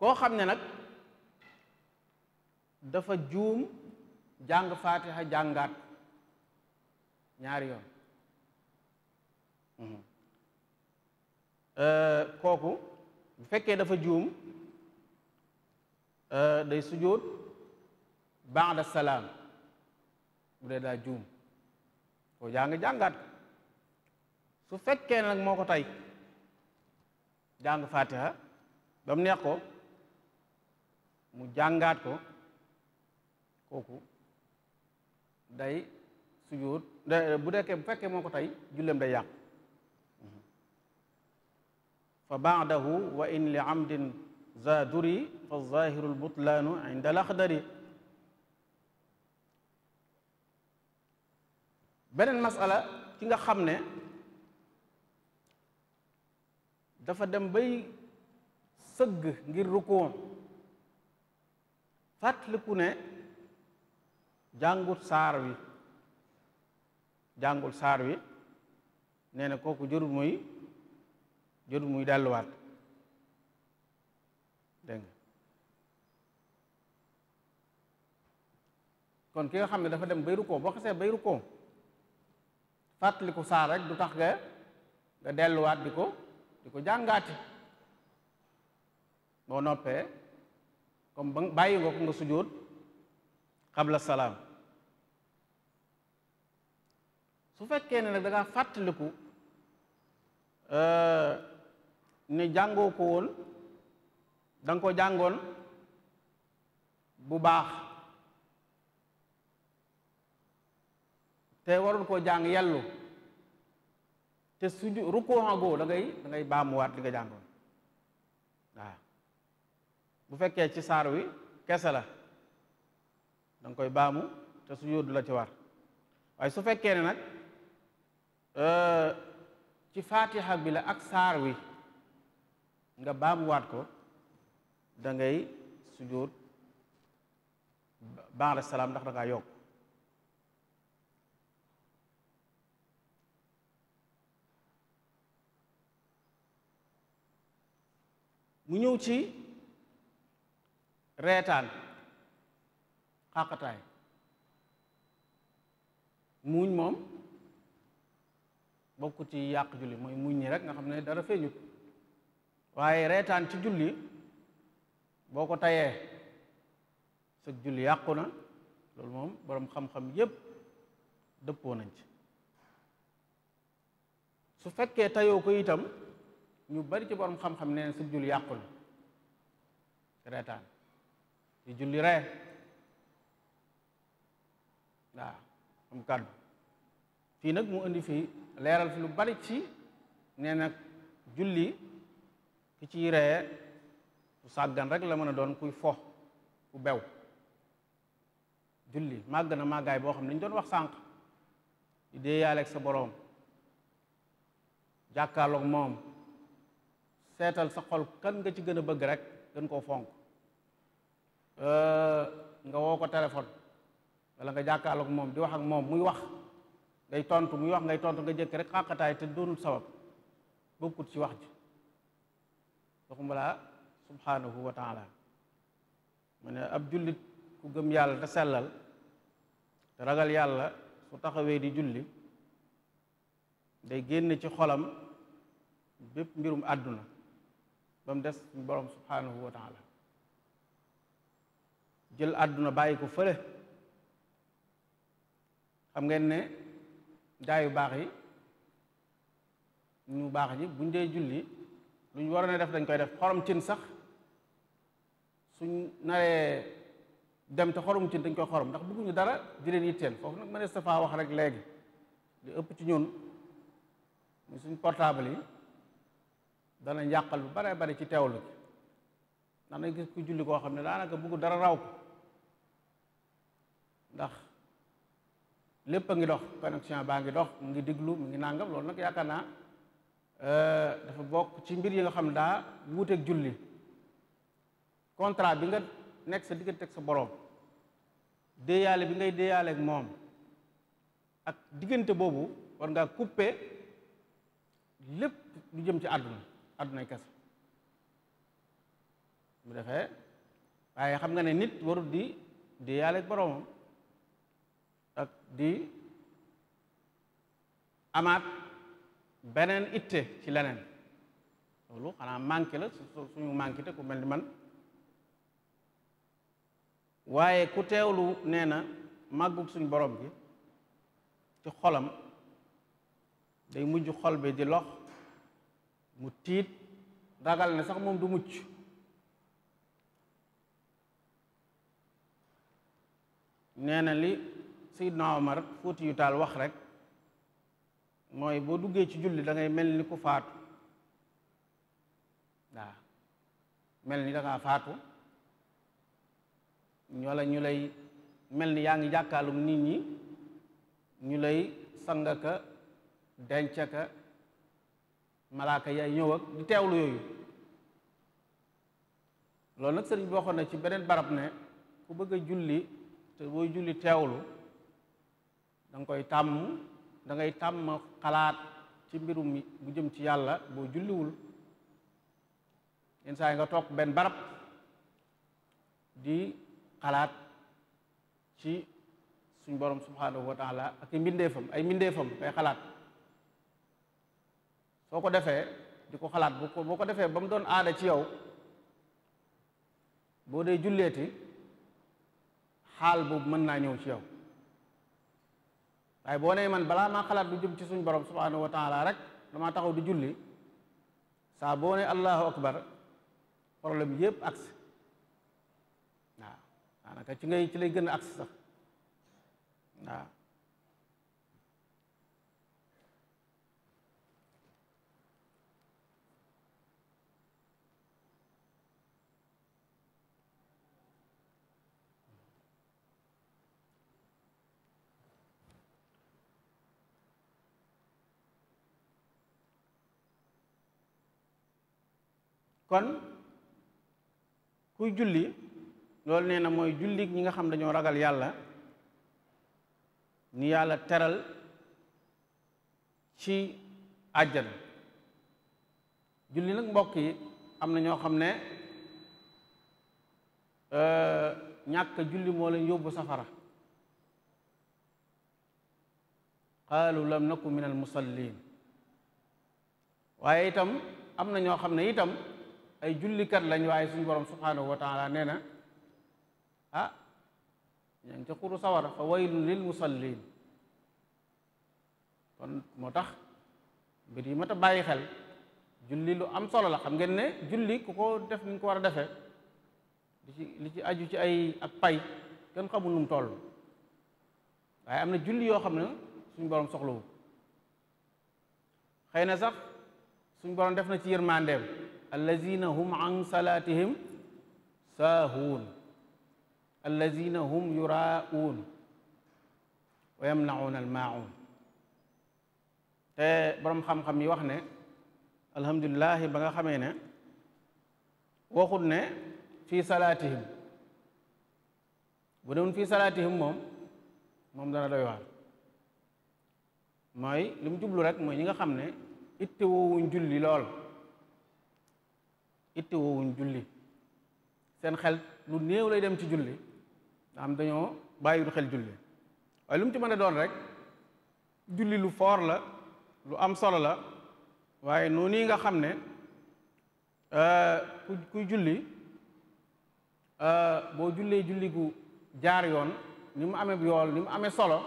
koo xam ne nag dafa juum jàng faatiha jàngat ñaari yoon hmm. euh, kooku fekkee dafa juum Euh, day sujjóot ba'da salaam bu dee daa juum ko yaa ngi jàngaat su fekkee nag moo ko tey jàng fatiha ba mu neex ko mu jàngaat ko kooku day sujjóot bu dekkee bu fekkee moo ko tey julleem day yàqu fa ba'dahu wa in li amdin za duri fa zahiru lbutlaanu inda laxdari beneen masala ki nga xam ne dafa dem bay sëgg ngir rukoon fàttaliku ne jàngut saar wi jàngul saar wi nee na kooku jërul muy jërul muy delluwaat dégg kon ki nga xam ne dafa dem bay rukkoo boo xasee bay rukkoo fàttaliku saar rek du tax nga nga delluwaat di ko di ko jàngaati boo noppee comme ba bàyyi nga ko nga sujjóot la salaam su fekkee ne nag fàttaliku euh, ne jàngoo ko woon danga nga ko jàngoon bu baax te warul koo jàng yellu te suju rukkooxa goo da ngay da ngay baamuwaat li nga jàngoon waaw bu fekkee ci saar wi kese la da koy baamu te sujjóot du la ci war waaye su fekkee ne nag euh, ci faatiha bi la ak saar wi nga baamuwaat ko da ngay sujjóot ba'da salaam ndax da ngaa yokk mu ñëw ci reetaan xàqataay muuñ moom bokk ci yàq julli mooy muñ ñi rek nga xam ne dara feeñut waaye reetaan ci julli boo ko tayee sëg julli yàqu na loolu moom boroom xam-xam yépp dëppoo nañ ci su fekkee tayoo ko itam ñu bari ci boroom xam-xam neen sëg julli yàqu na reetaan di julli ree waaw am kàddu fii nag mu indi fii leeral fi lu bari ci nee nag julli ki ciy ree sàggan rek la mën a doon kuy fo ku bew julli màgg na màggaay boo xam ne ñu doon wax sànq di dee yaaleeg sa boroom jàkkaarloog moom seetal sa xol kan nga ci gën a bëgg rek gën koo fonk nga woo ko téléphone wala nga jàkkaarloog moom di wax ak moom muy wax ngay tontu muy wax ngay tontu nga jëkk rek xàqataay te doonul sabab bokkut ci wax ji waxuma laa subhaanahu wa taala mu ne ab jullit ku gëm yàlla te sellal te ragal yàlla su taxawee di julli day génn ci xolam bépp mbirum àdduna ba mu des suñu borom subhaanahu wa jël àdduna bàyyi ko fële xam ngeen ne gaa yu baax yi ñu baax ji buñ dee julli lu ñu waroon a def dañ koy def xorom cin sax suñ naree dem te xorom ci dañ koy xorom ndax bëgguñu dara di leen yitteel foofu nag mënees na faa wax rek léegi di ëpp ci ñun muy suñ portable yi dana yàqal bu baree bari ci teewlu gi ndax nañ gis ku julli koo xam ne daanaka bëggu dara raw ko ndax lépp a ngi dox connexion baa ngi dox mu ngi diglu mu ngi nàngam loolu nag yaakaar naa euh, dafa bokk ci mbir yi nga xam ne daa wuuteeg julli contrat bi nga nekk sa diggante ak sa boroom déeyaale bi ngay déeyaale moom ak diggante boobu war ngaa couper lépp lu jëm ci àdduna àddunay kese mu defee waaye xam nga ne nit warul di déeyaale ak ak di amaat beneen itte ci leneen loolu xanaa manqué la su suñu manqué te ku mel ni man waaye ku teewlu nee na màggug suñ borom bi ci xolam day mujj xol bi di lox mu tiit ragal ne sax moom du mucc nee na li Seydina Omar Fuuti yu taal wax rek mooy boo duggee ci julli da ngay mel ni ku faatu waaw mel ni da faatu wala ñu lay mel ni yaa ngi jàkkaalum nit ñi ñu lay sanga ka denc ka malaaka ya ñëw ak di teewlu yooyu loolu nag sëriñ bi waxoon na ci beneen barab ne ku bëgg a julli te booy julli teewlu da koy tàmm dangay tàmm xalaat ci mbirum mu jëm ci yàlla boo julliwul yenn saa yi nga toog benn barab di xalaat ci suñ borom subhanahu wa taala ak i mbindeefam ay mbindeefam ngay xalaat soo ko defee di ko xalaat bu ko boo ko defee ba mu doon aada ci yow boo dee julleeti xaal boobu mën naa ñëw ci yow waaye boo nee man balaa maa xalaat bu jëm ci suñ borom subhanahu wa taala rek damaa taxaw di julli saa boo ne allahu akbar problème yépp aksi daanaka ci ngay ci lay gën a kon kuy julli loolu nee na mooy jullit ñi nga xam dañoo ragal yàlla ni yàlla teral ci àjjana julli nag mbokk yi am na ñoo xam ne euh, ñàkk julli moo leen yóbbu safara qaalu lam naku min al waaye itam am na ñoo xam ne itam ay jullikat lañ waaye suñu borom subhanahu wa nee na ah ña ngi ca xuru sawara fa waylun lil musallin kon moo tax mbir yi ma a bàyyi xel julli lu am solo la xam ngeen ne julli ku ko def ni nga ko war a defe li ci li aju ci ay ak pay kenn xamul nu mu waaye am na julli yoo xam ne suñu borom soxlawu xëy na sax suñ borom def na ci yërmandeem allazina hum an salatihim saahuun allazina hum yuraauun wa yamnauun almaauun te boroom xam-xam yi wax ne alhamdulilahi ba nga xamee ne waxut ne fii salaatihim bu newoon fii salaatihim moom moom dana doy waar mooy li mu jublu rek mooy ñi nga xam ne itti woowuñ julli lool itti woowuñ julli seen xel lu néew lay dem ci julli am xam dañoo bàyyiwul xel julli waaye lu mu ci mën a doon rek julli lu foor la lu am solo la waaye noonu yi nga xam ne euh, ku kuy julli euh, boo jullee julli gu jaar yoon ni mu amee yool ni mu amee solo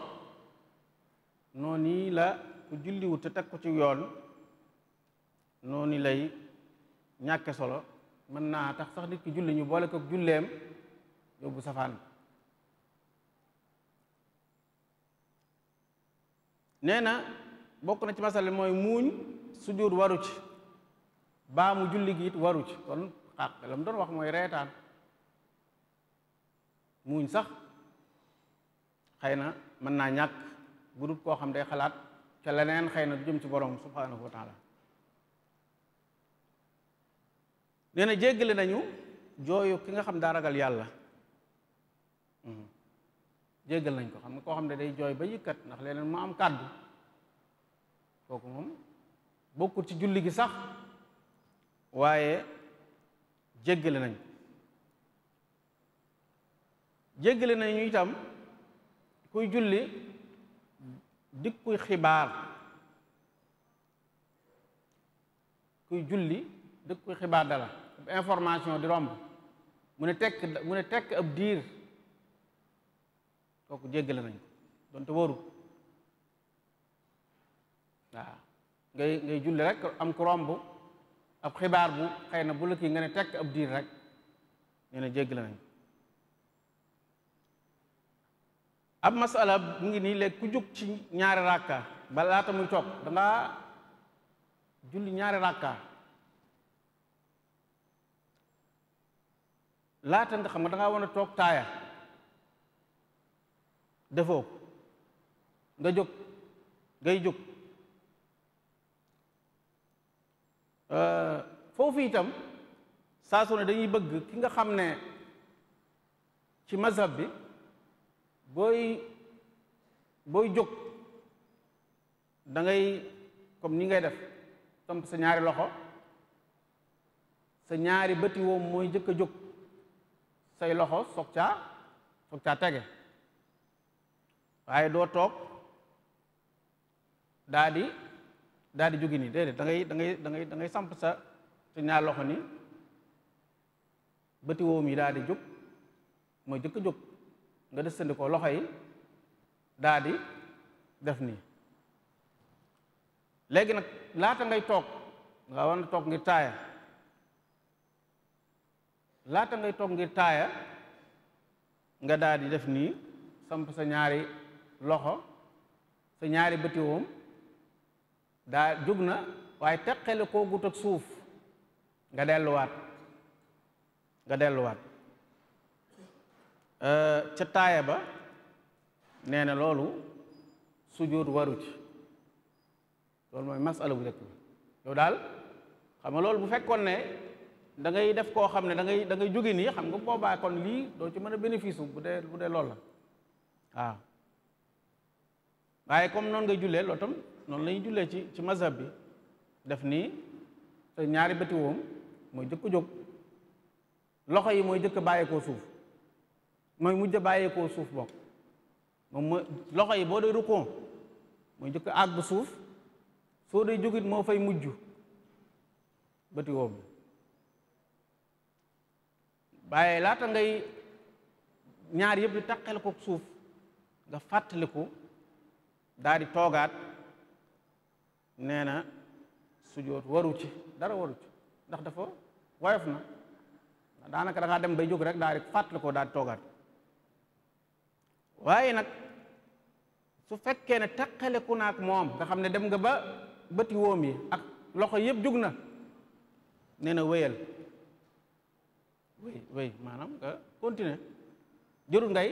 noonu yi la ku julliwu te teg ko ci yoon noonu lay ñàkke solo mën naa tax sax nit ki julli ñu boole ko julleem yóbbu safaan nee na bokk na ci masale mooy muuñ sujjóot waru ci baa mu julli gi it waru ci kon xaq ah, la mu doon wax mooy reetaan muuñ sax xëy na mën naa ñàkk bu koo xam day xalaat ca leneen xëy na jëm ci borom subhanahu wa taala nee na jéggale nañu jooyu ki nga xam daa ragal yàlla jéggal nañ ko xam nga koo xam ne day jooy ba yëkkat ndax leneen mu am kàddu kooku moom bokkul ci julli gi sax waaye jéggale nañ jéggale nañu itam kuy julli dikkuy xibaar kuy julli dikkuy xibaar dala information di romb mu ne tekk mu ne tekk ab diir kooku jéggale nañ ko donte wóoru ngay ngay julli rek am ku romb ab xibaar bu xëy na bu la kii nga ne ab diir rek nee na jéggale nañ ab masala mu ngi nii léegi ku jóg ci ñaari ràkka ba laata muy toog dangaa julli ñaari ràkka laata nga xam nga dangaa war a toog taaya defoo ko nga jóg ngay jóg euh, foofu itam saa su dañuy bëgg ki nga xam ne ci mazhab bi booy booy jóg dangay comme ni ngay def tomp sa ñaari loxo sa ñaari bëti woom mooy jëkk a jóg say loxo soog caa soog caa tege waaye doo toog daa di daa di jógi nii déedéet da dangay dangay ngay da samp sa sa ñaar loxo nii bëti wóom yi daa di jóg mooy jëkk jóg nga desandi ko loxo yi daa di def nii léegi nag laata ngay toog nga war na toog ngir taaya laata ngay toog ngir taaya nga daa di def nii samp sa ñaari loxo sa ñaari bëti daa jóg na waaye teqale koo gut ak suuf nga delluwaat nga delluwaat euh, ca taaya ba nee na loolu sujjóot waru ci loolu mooy masala bu njëkk yow daal xam nga loolu bu fekkoon ne dangay def koo xam ne da ngay da ngay jóge nii xam nga boobaa kon lii doo ci mën a bénéfice bu dee bu dee loolu la waaw waaye comme noonu nga jullee loolu tam noonu la ñuy jullee ci ci mazhab bi def nii ñaari bëti woom mooy jëkk jóg loxo yi mooy jëkk bàyyeekoo suuf mooy mujj bàyyeekoo suuf bokk moom yi boo dee rukkoo mooy jëkk àgg suuf soo dee moo fay mujj bëti woom waaye laata ngay ñaar yëpp di taqale ko suuf nga ko daal di toogaat nee na sujoot waru ci dara waru ci ndax dafa woyof na daanaka da dem bay jóg rek daal di fàttali ko daal di waaye nag su fekkee ne taqaleku naak moom nga xam ne dem nga ba bëti wóom yi ak loxo yëpp jug na nee na wéyal wéy wéy maanaam nga continuer jërul ngay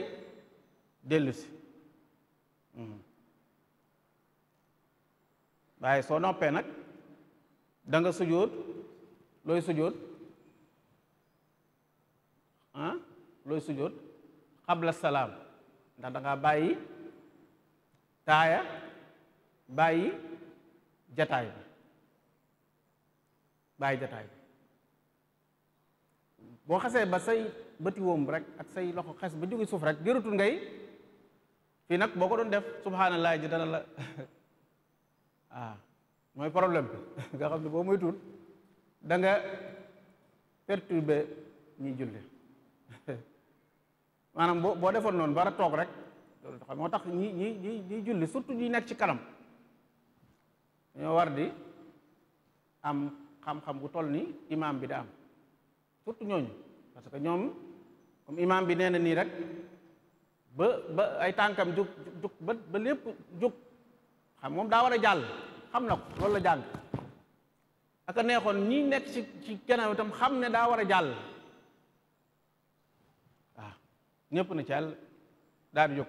dellusi si hmm. waaye soo noppee nag danga nga sujjóot looy sujjóot ah looy sujjóot xabla salaam ndax da bàyyi taaya bàyyi jataay bi bàyyi boo xasee ba say bëti wóom rek ak say loxo xas ba jóge suuf rek jërutul ngay fii nag boo ko doon def subhanallah ji dana ah mooy problème bi nga xam ne boo moytuwul danga nga perturber ñi julli maanaam boo boo defoon noonu bara toog rek loolu moo tax ñi ñi ñi ñi julli surtout ñi nekk ci kanam ñoo war di am xam-xam bu toll ni imaam bi da am surtout ñooñu parce que ñoom comme imaam bi nee na nii rek ba ba ay tànkam jug jug ba ba lépp jug xam daa war a jàll xam na ko loolu aka neexoon ñi nekk ci ci kanam xam ne daa war a jàll waaw ñépp na ci àll daal di jóg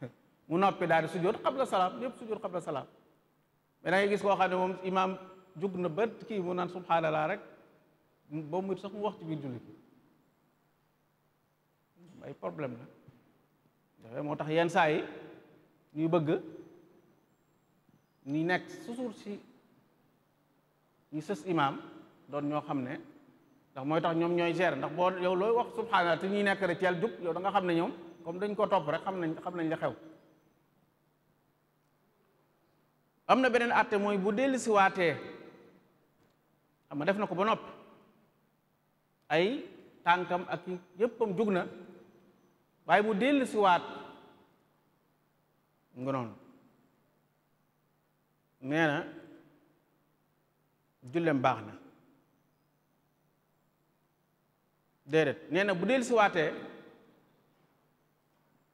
mu noppi daal di sujjóot xabla salaam ñëpp sujjóot xabla salaam mais da ngay gis koo xam ne moom imaam jug na ba kii mu naan subhaanallah rek ba mu sax mu wax ci biir jullit ay problème la moo tax yenn saa yi ñuy bëgg ñi nekk susuur si ñi sës imaam doon ñoo xam ne ndax mooy tax ñoom ñooy gérer ndax boo yow looy wax subhanallah te ñuy nekk rek teel jub yow danga xam ne ñoom comme dañ ko topp rek xam nañ xam nañ la xew am na beneen àtte mooy bu si waate xam nga def na ko ba nopp ay tànkam ak yéppam jug na waaye mu dell siwaat nga noonu nee na jullem baax na déedéet nee na bu del siwaatee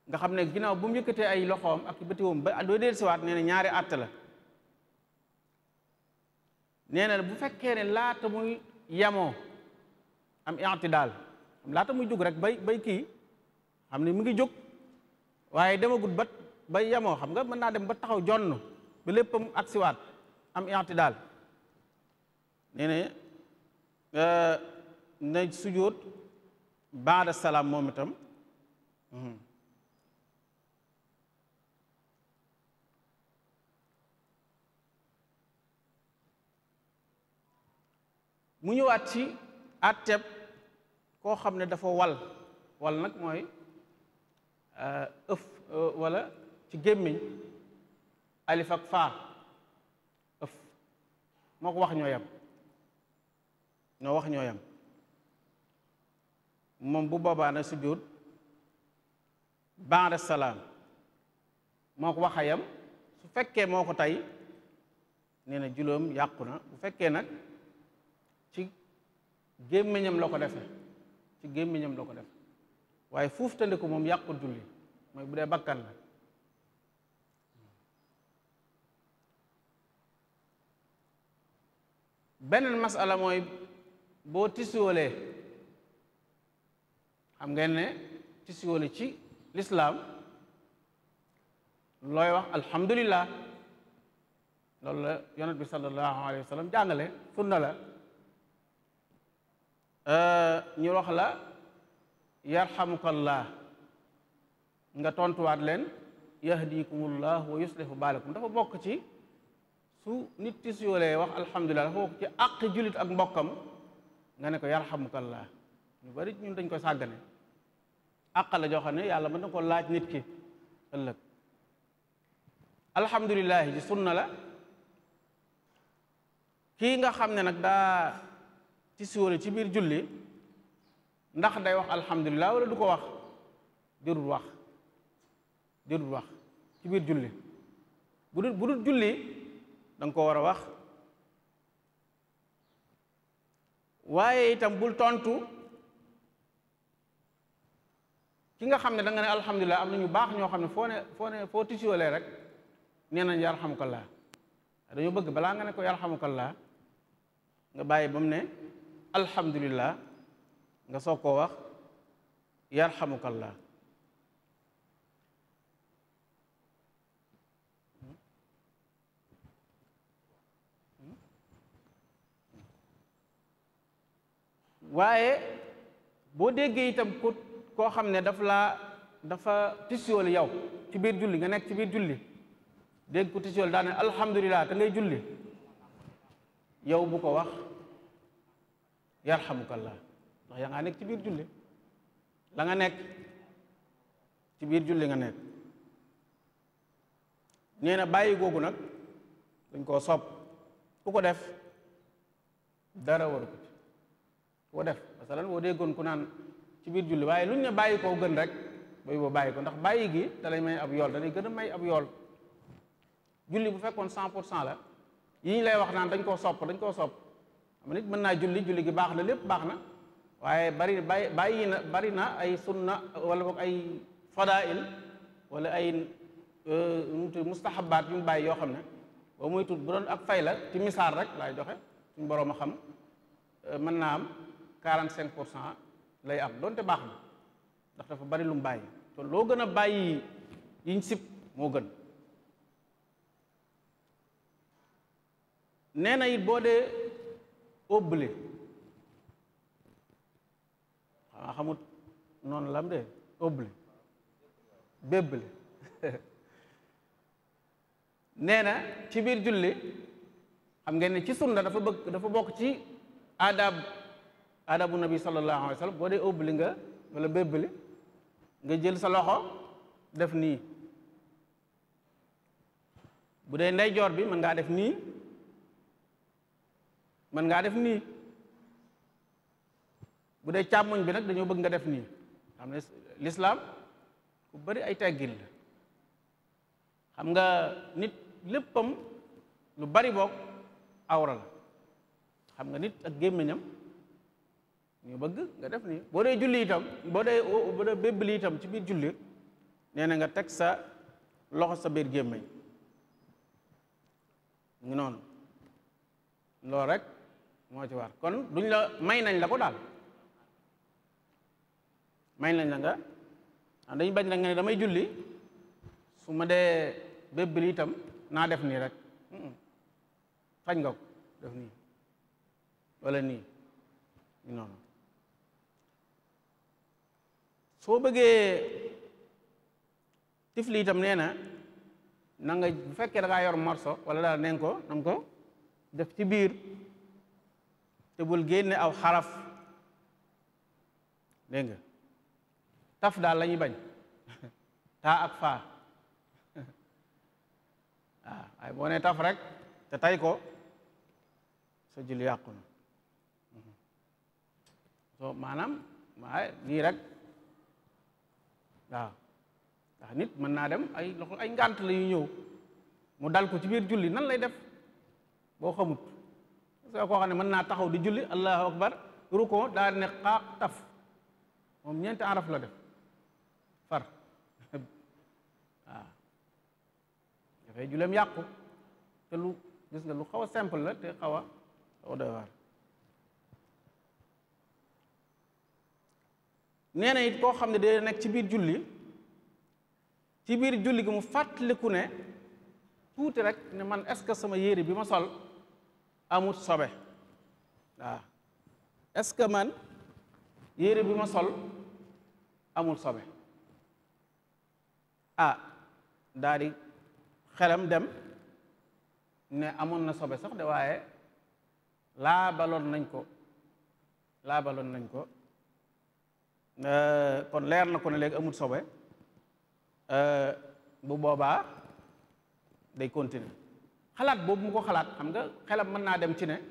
nga xam ne ginnaaw bu mu yëkkatee ay loxoom ak bëtiwam ba doo del siwaat nee na ñaari àtt la neena na bu fekkee ne laata muy yamoo am i'tidaal laata muy jóg rek bay bay kii xam ne mu ngi jóg waaye demagut ba bay yamoo xam nga mën naa dem ba taxaw jonn ba léppam ak siwaat am i'tidaal nee ne euh, na sujjóot baada salaam moom itam mhm. mu ñëwaat ci àtteeb koo xam ne dafa wal wal nag mooy euh, ëf euh, wala ci gémmiñ alif ak faa ëf moo ko wax ñoo yam noo wax ñoo yam moom bu boobaana nag sujjóot baada moo ko wax yam su fekkee moo ko tey nee na juloom yàqu na bu fekkee nag ci gémmiñam la ko defe ci gémmiñam la ko defe waaye foofu fuuf ko moom yàqu julli mooy bu dee bàkkan la beneen masala mooy boo tisiwalee xam ngeen ne tisiwale ci lislaam looy wax alhamdulillah loolu la yonent bi sallallahu alayhi wa sallam jàngale sunna la ñu wax la yarhamukallah nga tontuwaat leen yahdikumullah wa yuslihu baalakum dafa bokk ci su nit ci suyoolee wax alhamdulilah foofu ci àq jullit ak mbokkam nga ne ko yarhamukallah ñu bari ñun dañ ko sàggane àq la joo xam ne yàlla mën na ko laaj nit ki ëllëg alhamdulilah ji sunna la kii nga xam ne nag daa ci suyoolee ci biir julli ndax day wax alhamdulilah wala du ko wax jërul wax jërul wax ci biir julli bu dul bu dul julli danga ko war a wax waaye itam bul tontu ki nga xam ne danga ne alhamdulilah am na ñu baax ñoo xam ne foo ne foo rek nee nañ yarhamukallah dañoo bëgg balaa nga ne ko yarhamukallah nga bàyyi ba mu ne alhamdulilah nga soog koo wax yarhamukallah waaye boo déggee itam ku xam ne daf la dafa tisiool yow ci biir julli nga nekk ci biir julli dégg ku tisiool daa ne alhamdulilah ngay julli yow bu ko wax yarhamukallah ndax yaa nga nekk ci biir julli la nga nekk ci biir julli nga nekk nee na bàyyi googu nag dañ koo sopp ku ko def dara waru ko def masalan boo déggoon ku naan ci biir julli waaye ñu ne bàyyi koo gën rek ba boo bàyyi ko ndax bàyyi gi da lay may ab yool da lay gën a may ab yool julli bu fekkoon cent pour cent la yi ñu lay wax naan dañ koo sopp dañ koo sopp xam nit mën naa julli julli gi baax na lépp baax na waaye bari bàyyi bàyyi na bari na ay sunna wala boog ay fadail wala ay euh, numutu mustahabaat yu mu bàyyi yoo xam ne boo muy tut bu doon ab fay la ti misaal rek laay joxe suñ boroom a xam euh, mën quarante cinq pour cent lay am donte baax na ndax dafa bari lu mu bàyyi te loo gën a bàyyi yiñ sib moo gën nee na it boo dee au blé xamaa xamut noonu lam de au blé béblé nee na ci biir julli xam ngeen ne ci sunna dafa bëgg dafa bokk ci adab adabu nabi sallallahu alayhi wa sallam boo dee óbbali nga wala bébbali nga jël sa loxo def nii bu dee ndeyjoor bi mën ngaa def nii mën ngaa def nii bu dee càmmooñ bi nag dañoo bëgg nga def nii xam ne lislaam ku bari ay teggin la xam nga nit léppam lu bari boog awra xam nga nit ak gémmiñam ñu bëgg nga def nii boo dee julli itam boo dee boo dee ci biir julli nee na nga teg sa loxo sa biir gémmiñ ngi noonu loolu rek moo ci war kon duñ la may nañ la ko daal may nañ la nga ah, dañu bañ la nga ne damay julli su ma dee bébbali itam naa def nii rek sañ nga ko def nii wala nii noonu soo bëggee tifli itam nee na na nga bu fekkee da ngaa yor morso wala daal neen ko na ko def ci biir te bul génne aw xaraf dégg nga taf daal la ñuy bañ taa ak faa ah, waaye boo nee taf rek te tay ko sa julli yàqu waaye lii rek waaw ndax nit mën naa dem ay loxo ay yu ñëw mu dal ko ci biir julli nan lay def boo xamut soo koo xam ne mën naa taxaw di julli allahu akbar rukon daal ne xaaq taf moom ñeenti araf la def far waaw dafay yàqu te lu gis nga lu xaw a simple la te xaw a xaw nee na it koo xam ne day nekk ci biir julli ci biir julli gi mu fàttaliku ne tuuti rek ne man est-ce que sama yére bi ma sol amut sobe a est-ce que man yére bi ma sol amul sobe ah daal xelam dem ne amoon na sobe sax de waaye laabaloon nañ ko laabaloon nañ ko Euh, kon leer na ko ne léegi amut sobe euh, bu boobaa de continuer xalaat boobu mu ko xalaat xam nga xelam mën naa dem ci ne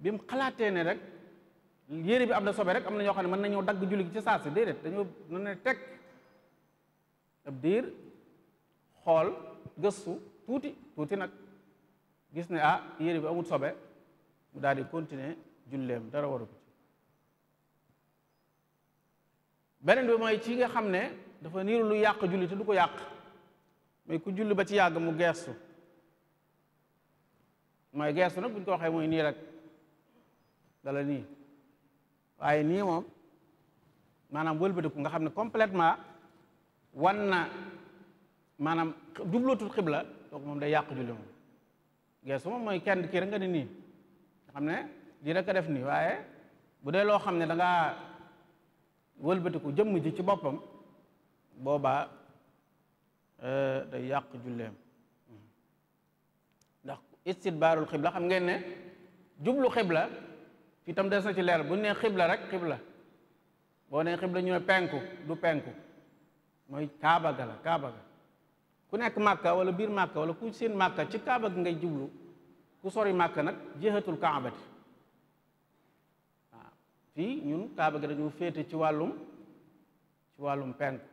bi mu xalaatee ne rek yére bi am na sobe rek am na ñoo xam ne mën nañoo dagg julli gi ci saa si déedéet dañoo na ne teg ab diir xool gëstu tuuti tuuti nag gis ne ah yére bi amut sobe mu daal di continuer julleem dara waru beneen bi mooy ci nga xam ne dafa niiru lu yàq julli te du ko yàq mooy ku julli ba ci yàgg mu geestu mooy geestu nag buñ ko waxee mooy nii rek dala nii waaye nii moom maanaam wëlbatiku nga xam ne complètement wan na maanaam jublootul xibla donc moom day yàq julli moom geesu moom mooy kenn kii rek nga ne nii nga xam ne lii rek def nii waaye bu dee loo xam ne da wëlbatiku jëmm ji ci boppam boobaa euh, day yàq julleem ndax istidbaarul xibla xam ngeen ne jublu xibla fii tam des na ci leer bu ne xibla rek xibla boo ne xibla ñu ne penku du penku mooy kaaba ga la kaaba ku nekk màkka wala biir màkka wala ku seen màkka ci kaaba gi ngay jublu ku sori màkka nag jeexatul jihatul kaabati fii ñun kaaba gi dañu féete ci wàllum ci wàllum penku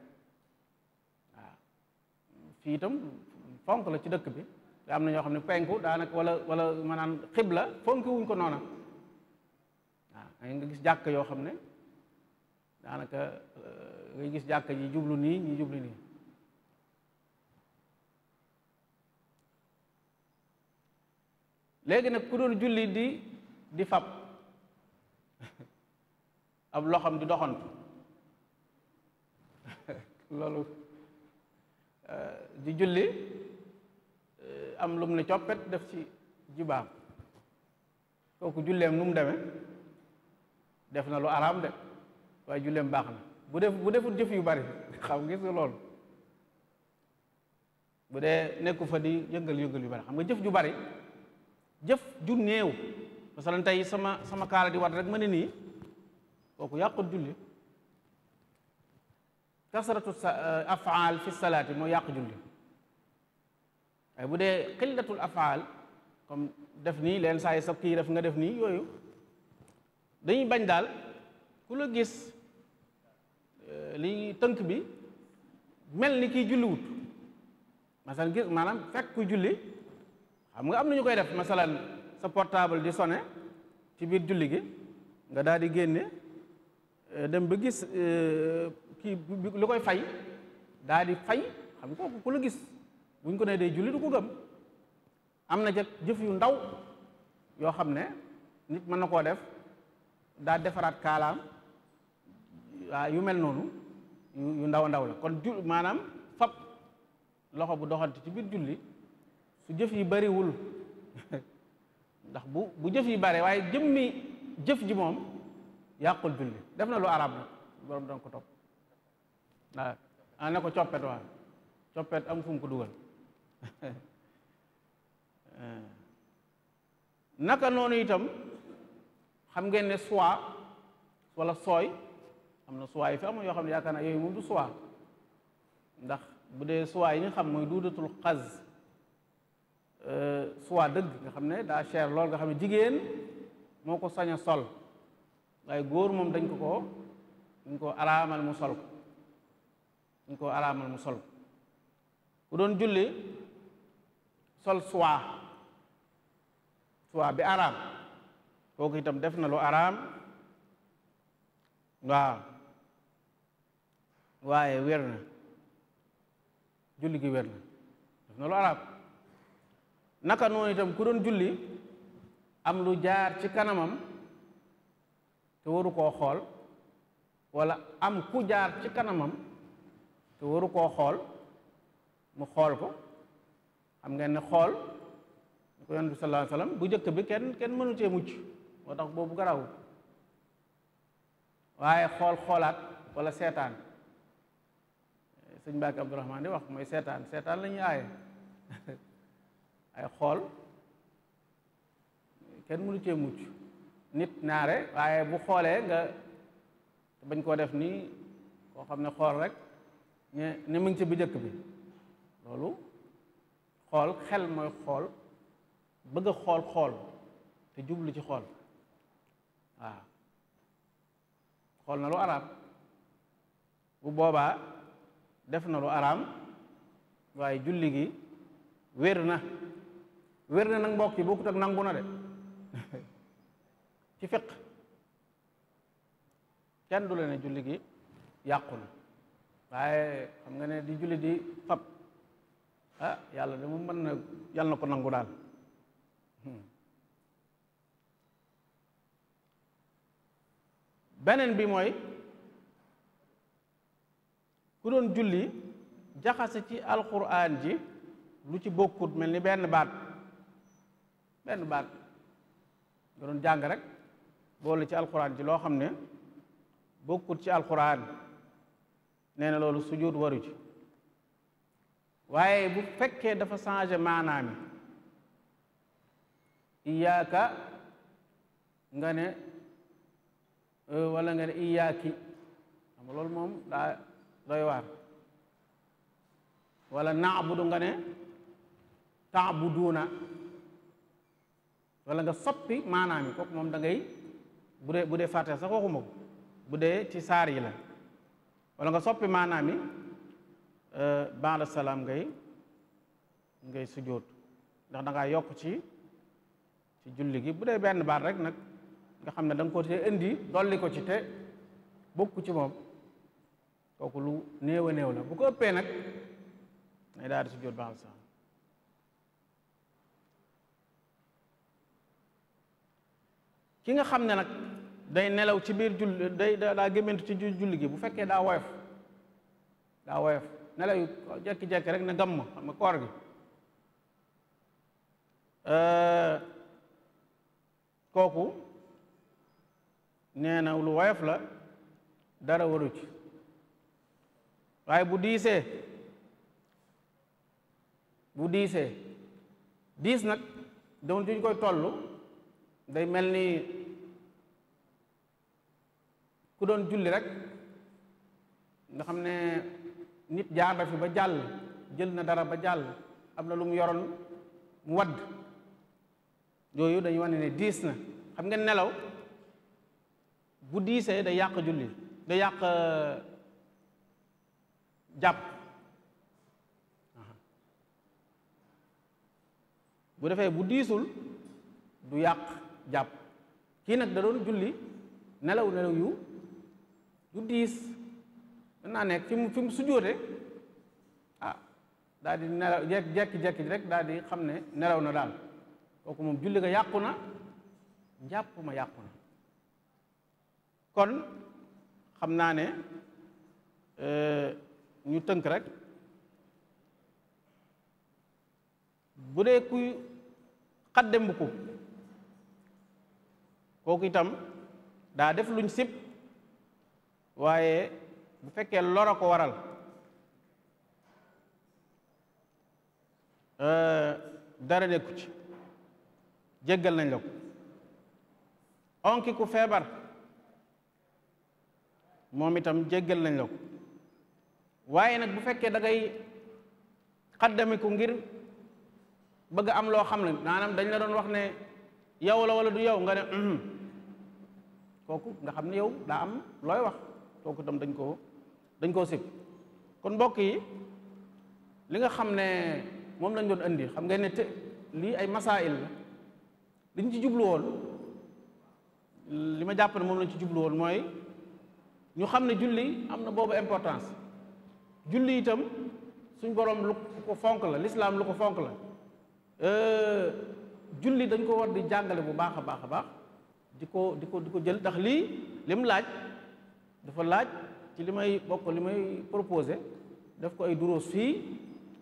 waaw fii itam fonk la ci dëkk bi da am na ñoo xam ne penku daanaka wala wala manaan xibla fonk wuñ ko noona waaw nga gis jàkk yoo xam ne daanaka euh, ngay gis jàkk ji jublu nii ñi jublu nii léegi nag ku doon julli di di fab ab loxam di doxantu loolu euh, di julli euh, am lum ne coppet def ci jibaam kooku julleem nu mu deme def na lu araam de waaye julleem baax na bu def bu defut jëf yu bari xam gis nga bu dee nekku fa di yëngal yëngal yu xam nga jëf ju bari jëf ju néew masalan tey sama sama kaala di wat rek ma ne nii kooku yàqut julli kasratu eh, afaal fi salaati mooy yàq julli waaye bu dee xillatul afaal kom def nii leen saa yi sa kii def nga def nii yooyu dañuy bañ daal ku la gis eh, li tënk bi mel ni kii julliwut masalan gis maanaam fekk ku julli xam nga am nañu koy def masalan sa portable di sone ci biir julli gi nga daal di génne Euh, dem ba gis euh, kii li koy fay daa di fay xam kooku ku la gis buñ ko ne day julli du ko gëm am na ca jëf yu ndaw yoo xam ne nit mën na koo def daa defaraat kaalaam waa yu mel noonu yu ndaw ndaw la kon ju maanaam fab loxo bu doxante ci biir julli su jëf yi bariwul ndax bu bu jëf yi bare waaye jëmmi jëf ji moom yàqul julli def na lu arab nag borom doon ko topp waaw ah, na ko coppet waa coppet am fu mu ko dugal ah. naka noonu itam xam ngeen ne soie wala sooy am na soie yi fi amoon yoo xam ne yaakaar naa yooyu moom du soie ndax bu dee soie yi ñu xam mooy duudatul xaz euh, soie dëgg nga xam ne daa cher lool nga xam ne jigéen moo ko sañ a sol waaye góor moom dañ ko koo dañ mu sol ko dañ koo araamal mu sol ku doon julli sol suwaa suwaa bi araam kooku itam def na lu araam waaw waaye wér na julli gi wér na def na lu araam naka noonu itam ku doon julli am lu jaar ci kanamam te waru koo xool wala am ku jaar ci kanamam te waru koo xool mu xool ko xam nga ne xool ñu ko bu njëkk bi kenn kenn mënu cee mucc moo tax boobu garawut waaye xool xoolaat walla seetaan sëñ Mbàkke Abdourahmane di wax mooy seetaan seetaan la ñuy aaye ay xool kenn mënu cee mucc nit naare waaye bu xoolee nga bañ koo def nii koo xam ne xool rek ñu ne mu ci bu njëkk bi loolu xool xel mooy xool bëgg a xool xool te jublu ci xool waaw xool na lu araam bu boobaa def na lu araam waaye julli gi wér na wér na nag mbokk yi bokkut ak nangu na de ci fiq kenn du la ne julli gi yàqul waaye xam nga ne di julli di fab ah yàlla de mu mën na yàlla ko nangu daal hmm. beneen bi mooy ku doon julli jaxase ci alquran ji lu ci bokkut mel ni benn baat benn baat nga doon jàng rek boole ci alxuraan ci loo xam ne bokkut ci alxuraan nee na loolu sujjóot waru waaye bu fekkee dafa changé maanaam iyaaka nga ne euh, walla nga ne iyaaki xam nga moom daa doy waar wala naabudu nga ne taabuduuna wala nga soppi maanaam kooku moom dangay bu dee bu dee fàtte sax waxuma bu dee ci saar la walla nga soppi maanaam yi euh, baada salaam ngay ngay sujjóot ndax dangay yokk ci ci julli gi bu dee benn baat rek nag nga xam ne da koo ko te indi dolli ci te bokku ci moom kooku lu néew a la bu ko ëppee nag nay daal di sujjóot baada salaam ki nga xam ne nag day nelaw ci biir julli day daa gémmantu ci julli gi bu fekkee daa woyof daa woyof nelaw yu jekki-jekki rek na gamm ma nga koor gi euh, kooku nee lu woyof la dara waru ci waaye bu diisee bu diisee diis nag doon duñ koy tollu day mel ni ku doon julli rek nga xam ne nit jaar fi ba jàll jël na dara ba jàll am na lu mu yoroon wadd yooyu dañu wane ne diis na xam nga nelaw bu diisee da yàq julli da yàq euh, jàpp bu defee bu diisul du yàq jàpp kii nag da doon julli nelaw nelaw yu du diis mën naa nekk fi mu fi mu sujjóote ah daal di nelaw jekki-jekki rek daal xam ne nelaw na daal kooku moom julli ga yàqu na jàpp ma yàqu na kon xam naa ne euh, ñu tënk rek bu dee kuy xaddem bu ko kooku itam daa def luñ sib waaye bu fekkee lor a ko waral euh, dara nekku ci jéggal nañ la ko feebar moom itam jéggal nañ la waaye nag bu fekkee da ngay xaddamiku ngir bëgg am loo xam ne maanaam dañ la doon wax ne yow la wala du yow nga ne kooku nga xam ne yow daa am looy wax kooku itam dañ koo dañ koo sib kon mbokk yi li nga xam ne moom lañ doon indi xam ngeen ne te lii ay masail la dañ ci jublu woon li ma jàpp ne moom lañ ci jublu woon mooy ñu xam ne julli am na boobu importance julli itam suñ borom lu fonk la lislaam lu ko fonk la euh, julli dañ ko war di jàngale bu baax a baax a baax di ko di ko di ko jël ndax lii lim laaj dafa laaj ci li may bokk li may proposé def ko ay duroos fii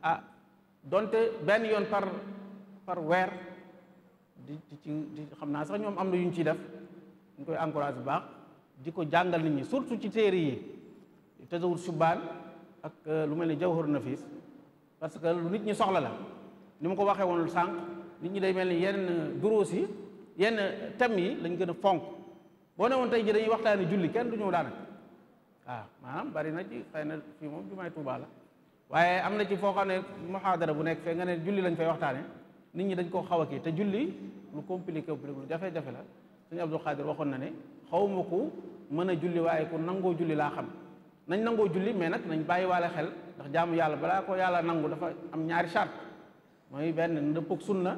ah donte benn yoon par par weer di ci xam naa sax ñoom am na yu ñu ciy def ñu koy encouragé bu baax di ko jàngal nit ñi surtout ci téere yi tasawur subaan ak euh, lu mel ni jawhar nafis parce que lu nit ñi soxla la nu mu ko waxee woon sànq nit ñi day mel ni yenn duroos yi yenn thèmes yi lañ gën a fonk boo ne woon tey ji dañuy waxtaane julli kenn du ñëw daanaka waaw ah, maanaam bari na ci na fii moom jumaay Tuubaa la waaye am na ci foo xam ne muhaadara bu nekk fee nga ne julli lañ fay waxtaane nit ñi dañ koo xaw a kii te julli lu compliqué lu jafe-jafe la suñu Abdul Xaadir waxoon na ne xawuma ma ku mën a julli waaye ku nangoo julli laa xam nañ nangoo julli mais nag nañ bàyyi waale xel ndax jaamu yàlla balaa ko yàlla nangu dafa am ñaari chart mooy benn na dëppog sunna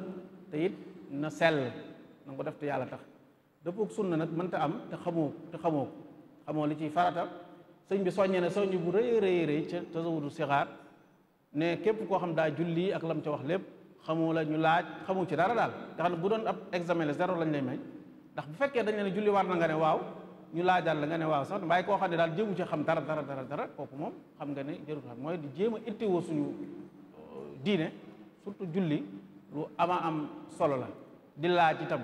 te it na sell na ko te yàlla tax dëppook sunna nag mënta am te xamoo te xamoo xamoo li ciy farata sëñ bi soñee ne soññ bu rëy rëy rëy ca tasawudu sixaar ne képp koo xam daa julli ak lam ca wax lépp xamoo la ñu laaj xamu ci dara daal nga xam bu doon ab examen la lañ lay ndax bu fekkee dañ leen julli na nga ne waaw ñu laajal la nga ne waaw sax waaye koo xam ne daal jéemu ci xam dara dara dara dara kooku moom xam nga ne jërul xam mooy di jéem a ittiwoo suñu diine surtout julli lu ama am solo la di laaj itam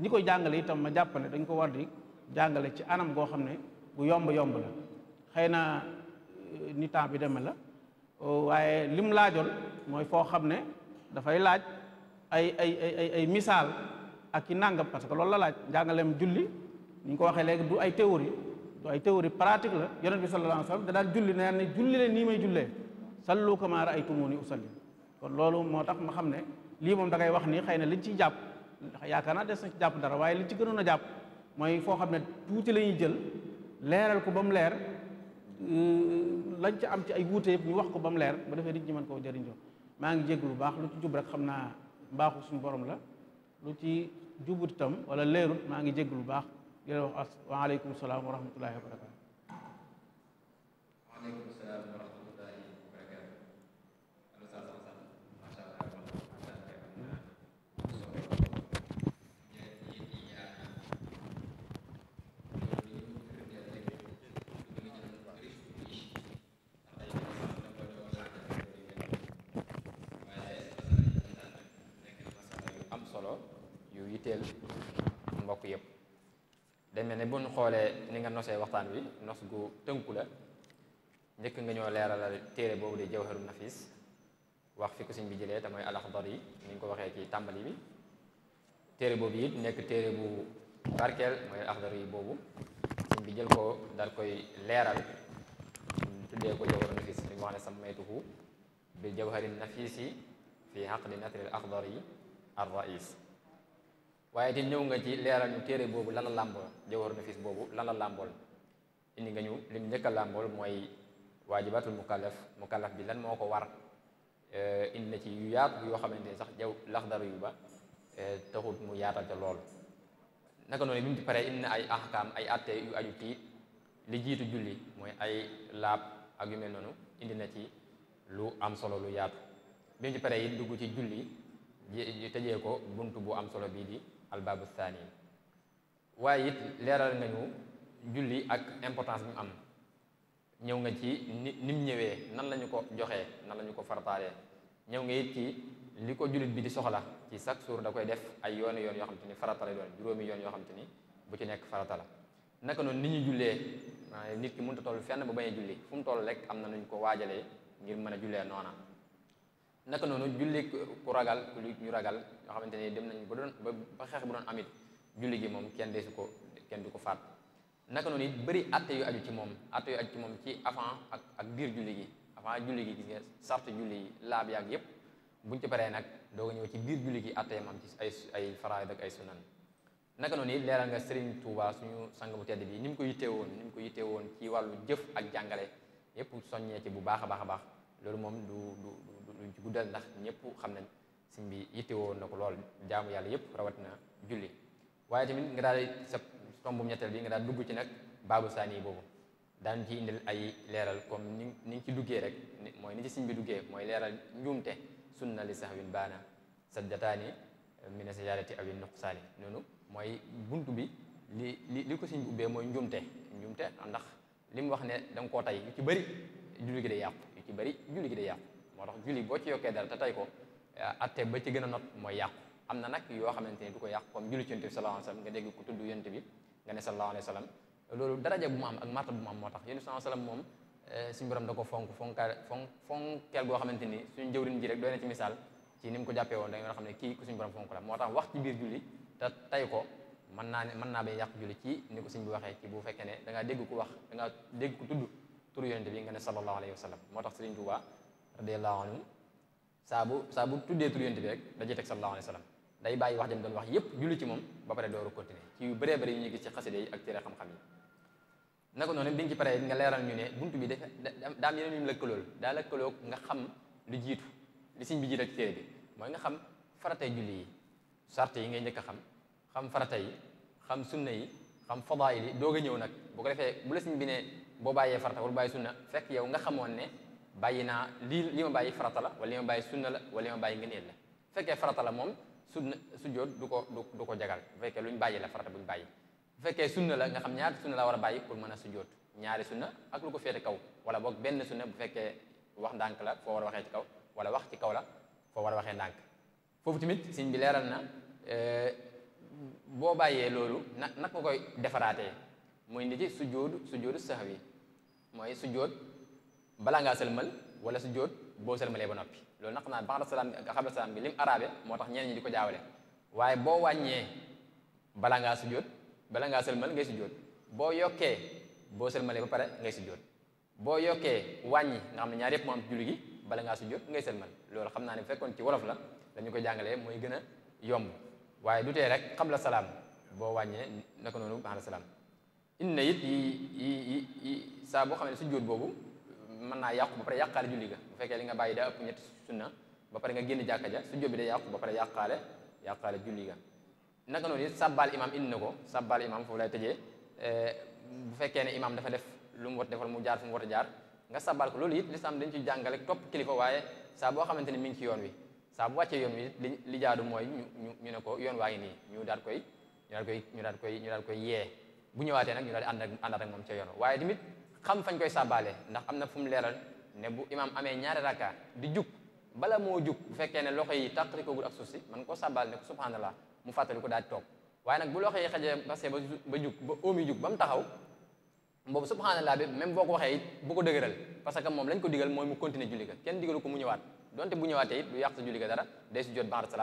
ñi koy jàngale itam ma jàppale dañ ko war di jàngale ci anam goo xam ne bu yomb yomb la xëy na euh, ni temps bi demee la waaye lim laajoon mooy foo xam ne dafay laaj ay ay ay ay misaal ak i nàngam parce que loolu la laaj njàngaleem julli ni ñu ko waxee léegi du ay théorie du ay théorie la yonent bi sallallahu alayhi wa julli ne ne julli leen may jullee sallu kama ra'aytumuni usalli kon loolu moo tax ma xam ne lii moom da wax nii xëy na liñ ciy jàpp yaakaar naa des na jàpp dara waaye li ci gënoon a jàpp mooy foo xam ne tuuti la ñuy jël leeral ko ba mu leer euh, lañ ci am ci ay wuute yëpp ñu wax ko ba mu leer ba defee nit ñi mën koo jëriñoo maa ngi jégg lu baax lu ci jub rek xam naa mbaaxu suñu borom la lu ci jubut itam wala leerut maa ngi jégg lu baax di la wax waaleykum salaam wa rahmatullahi wa barakatu itteel mbokk yëpp mel ne bu ñu xoolee ni nga nosee waxtaan wi nos gu tënku la njëkk nga ñoo leeralal téere boobu di jawharu nafis wax fi ko sëñ bi jëlee te mooy alaxdar yi ni nga ko waxee ci tàmbali bi téere boobu it nekk téere bu barkeel mooy alaxdar yi boobu sëñ bi jël ko dal koy leeral tuddee ko jawharu nafis li mu wax ne sammaytuhu bi jawharin nafisi fi haqdi natril axdar yi ar waaye te ñëw nga ci leeral ñu téere boobu lan la làmbool jawhar nafis boobu lan la làmbool indi nga ñu lim njëkka làmbool mooy waajibatul mu mukallaf bi lan moo ko war eh, indi na ci yu yaatu yoo xamante ne sax jaw laxdaru yu ba eh, taxut mu yaatal ca lool naka noonu bi mu ci paree indi na ay ahkaam ay atte yu aju ci li jiitu julli mooy ay laab ak yu mel noonu indi na ci lu am solo lu yaatu bi mu ci paree it dugg ci julli tëjee ko bunt bu am solo bii di albaabu thani waaye it leeral nga ñu julli ak importance bi mu am ñëw nga ci ni nim ñëwee nan lañu ko joxee nan lañu ko fartaalee ñëw nga yit ki li ko jullit bi di soxla ci chaque jour da koy def ay yooni yoon yoo xam te ni farata la doon juróomi yoon yoo xam te ni bu ci nekk farata la naka noonu ni ñu jullee nit ki mënut a fenn ba bañ a julli fu mu toll rek am na nuñ ko waajale ngir mën a jullee noona naka noonu julli ku ragal ku ñu ragal ñoo xamante ne dem nañ ba doon ba xeex bu doon amit julli gi moom kenn deesu ko kenn du ko faat naka noonu it bëri atte yu aju ci moom atte yu aju ci moom ci avant ak ak biir julli gi avant julli gi gis nga sart julli yi laab yaag yépp buñ ci paree nag dooga ñëw ci biir julli gi atte am ci ay ay faraid ak ay sunan naka noonu it leeral nga Serigne Touba suñu sang bu tedd bi ni mu ko yittee woon ni mu ko yittee woon ci wàllu jëf ak jàngale yépp soññee ci bu baax a baax a baax loolu moom du du duñ ci guddal ndax ñëpp xam nañ sëñ bi yittewoo na ko lool jaamu yàlla yëpp rawat na julli waaye tamit nga daal sa tombu ñetteel bi nga daal dugg ci nag baabu saani boobu daan ci indil ay leeral comme ni ni ci duggee rek mooy ni ci sëñ bi duggee mooy leeral njuumte sunna li sahwin baana sajdataani mina siyaadati awi nuqsaani noonu mooy bunt bi li li li ko sëñ bi ubbee mooy njuumte njuumte ndax li mu wax ne da nga koo tay yu ci bëri julli gi day yàqu yu ci bëri julli gi day yàqu moo tax julli boo ci yokkee dara te tey ko eh, atte ba ci gën a not mooy yàqu am na nag yoo xamante ni du ko yàqu comme julli ci yonent bi sallallahu alayhi wasallam nga dégg ku tudd yonent bi nga loolu daraja bu mu am ak marta moo tax yonent bi moom eh, suñu borom da ko fonk fonka goo xamante ni suñu jëwriñ ji rek doy na ci misaal ni ko jàppee woon da nga ne kii ku suñu borom fonk wax ci biir te ko mën naa ne mën naa bay yàq julli ci ni ko suñ waxee ci bu fekkee ne da ngaa dégg wax da ngaa dégg ku tudd turu yonent bi nga ne sallallahu moo tax Sëriñ Tuubaa radiallahu anhu saa bu saa bu tuddee tur bi rek da ciy teg sallallahu alayhi wa day bàyyi wax dem doon wax yépp julli ci moom ba pare dooru continuer yu bëree bëri yu ñu gis ci xaside yi ak téere xam-xam yi naka noonu bi ci paree nga leeral ñu ne bunt bi dafa daa am yeneen lëkkalool daa lëkkaloo nga xam lu jiitu li siñ bi jiital ci téere bi mooy nga xam faratay julli yi sarte yi ngay njëkk a xam xam farata yi xam sunna yi xam fadaayil yi doog a ñëw nag boo ko defee bu la siñ bi ne boo bàyyee farata wala bàyyi sunna fekk yow nga xamoon ne bàyyi naa lii li ma bàyyi farata la wala li ma bàyyi sunna la wala li ma bàyyi ngëneel la bu fekkee farata la moom sunna sujjóot du ko du du ko jagal bu fekkee lu ñu bàyyi la farata bu ñu bàyyi bu fekkee sunna la nga xam ñaari sunna la war a bàyyi pour mën a sujjóot ñaari sunna ak lu ko féete kaw wala boog benn sunna bu fekkee wax ndànk la foo war a ci kaw wala wax ci kaw la foo war ndànk foofu tamit sëñ bi leeral na eh, boo bàyyee loolu na nag nga koy defaraatee muy ndi ci sujjóodu sujjóodu sahwi mooy sujjóot balaa ngaa sëlmal wala su jóot boo sëlmalee ba noppi loolu nag naa baxda salaam bi ak xabla salaam bi lim araabe moo tax ñeneen di ko jaawale waaye boo wàññee balaa ngaa su jóot balaa ngaa sëlmal ngay su jóot boo yokkee boo sëlmalee ba pare ngay su jóot boo yokkee wàññi nga xam ne ñaar yëpp moo gi bala ngaa su jóot ngay sëlmal loolu xam naa ne fekkoon ci wolof la dañu ko jàngalee mooy gën a yomb waaye du tee rek xabla salaam boo wàññee naka noonu baxda salaam boo xam ne su jóot boobu mën naa yàqu ba pare yàqaale julli ga bu fekkee li nga bàyyi daa ëpp ñetti sunna ba pare nga génn jàkka ja su jóbi day yàqu ba pare yàqaale yàqaale julli ga naka noonu it sàbbaal imaam indi na ko sàbbaal imaam foofu lay tëjee eh, bu fekkee ne imaam dafa def lu mu defal mu jaar fu mu war a jaar nga sàbbaal ko loolu it lislaam dañ ci jàngale topp kilifa waaye saa boo xamante ne mi ngi ci yoon wi saa bu wàccee yoon wi li li jaadu mooy ñu ñu ne ko yoon waa ngi nii ñu daal koy ñu daal koy ñu daal koy ñu daal koy yee bu ñëwaatee nag ñu daal di ànd ak àndaat ca yoon waaye tamit xam fañ koy sàbbaale ndax am na fu mu leeral ne bu imaam amee ñaari rakka di jug bala moo jug bu fekkee ne loxo yi tàqalikoogul ak suuf si man ko sàbbaale ne ko subhanallah mu fàttali ko daal di toog waaye nag bu loxo yi xajee basee ba ba jug ba óom jug ba mu taxaw boobu subhanallah bi même boo ko waxee it bu ko dëgëral parce que moom lañ ko digal mooy mu continuer julli ga kenn digalu ko mu ñëwaat donte bu ñëwaatee it du yàq sa julli ga dara day si jot baax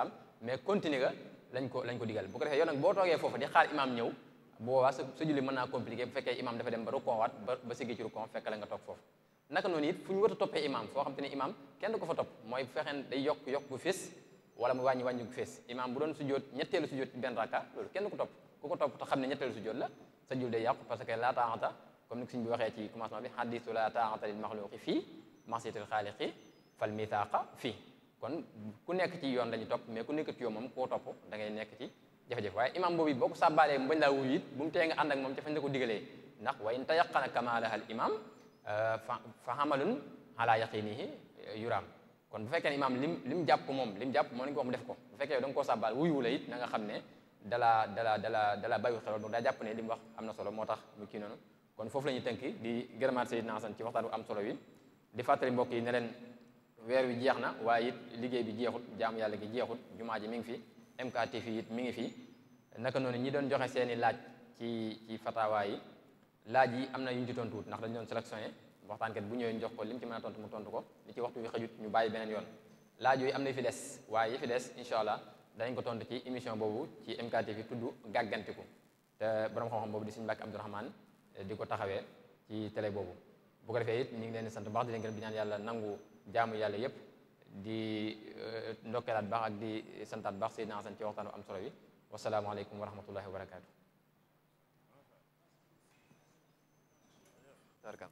mais continuer ga lañ lañ ko digal bu ko defee yow nag boo toogee foofu di xaar imaam ñëw boobaa sa sa julli mën naa compliqué bu fekkee imam dafa dem ba rukkoowaat ba ba siggi ci rukkoo fekk la nga toog foofu naka noonu it fu ñu war a toppee imam foo xam te ne imam kenn bu fexeen day yokk yokk gu fees ci benn raka loolu kenn ko topp ku ko topp te xam ne ñetteelu sujjóot la sa jul day yàqu parce que la taa'ata comme ni ko suñ bi waxee ci commencement bi hadisu la taa'ata lil maxluqi fii masiyatil xaaliqi fal mithaqa fii kon ku yoon la ñu topp mais ku nekk koo topp da ngay nekk ci jafe-jafe waaye imam boobu boo ko sàbbaalee mu bañ laa wuyu it bu mu tee nga ànd ak moom ca fañ la ko digalee ndax wa in tayaqana kamaalaha al imam euh, fa hamalun ala yaqinihi yuraam kon bu fekkee ne imaam lim lim jàpp moom lim jàpp moo nañu ko def ko bu fekkee yow da nga koo sàbbaal wuyu la it na ne dalaa dalaa dalaa dalaa bàyyi xel donc daa jàpp ne li mu wax am na solo moo tax mu kii noonu kon foofu la ñuy tënk di gërëmaat Seydina Hasan ci waxtaan bu am solo wi di fàttali mbokk yi ne leen weer wi jeex na waaye it liggéey bi jeexut jaamu yàlla gi jeexut jumaa ji mi ngi fi MKTV it mi ngi fi naka noonu ñi doon joxe seeni laaj ci ci fatawa yi laaj yi am na yu ñu ci tontuwut ndax dañu doon sélectionné waxtaankat bu ñëwee ñu jox ko li mu ci mën a tontu mu tontu ko li ci waxtu wi xajut ñu bàyyi beneen yoon laaj yooyu am na yu fi des waaye yi fi des incha allah danañ ko tontu ci émission boobu ci MKTV tudd gàggantiku te borom xam-xam boobu di Sëriñ Mbàkke Abdourahmane eh, di ko taxawee ci télé boobu bu ko defee it ñu ngi leen di sant baax di leen gërëm yàlla nangu jaamu yàlla yépp di euh, ndokkeelaat baax ak di santaat baax Seydina Hasan ci waxtaan bu am solo bi wasalaamualeykum wa rahmatullahi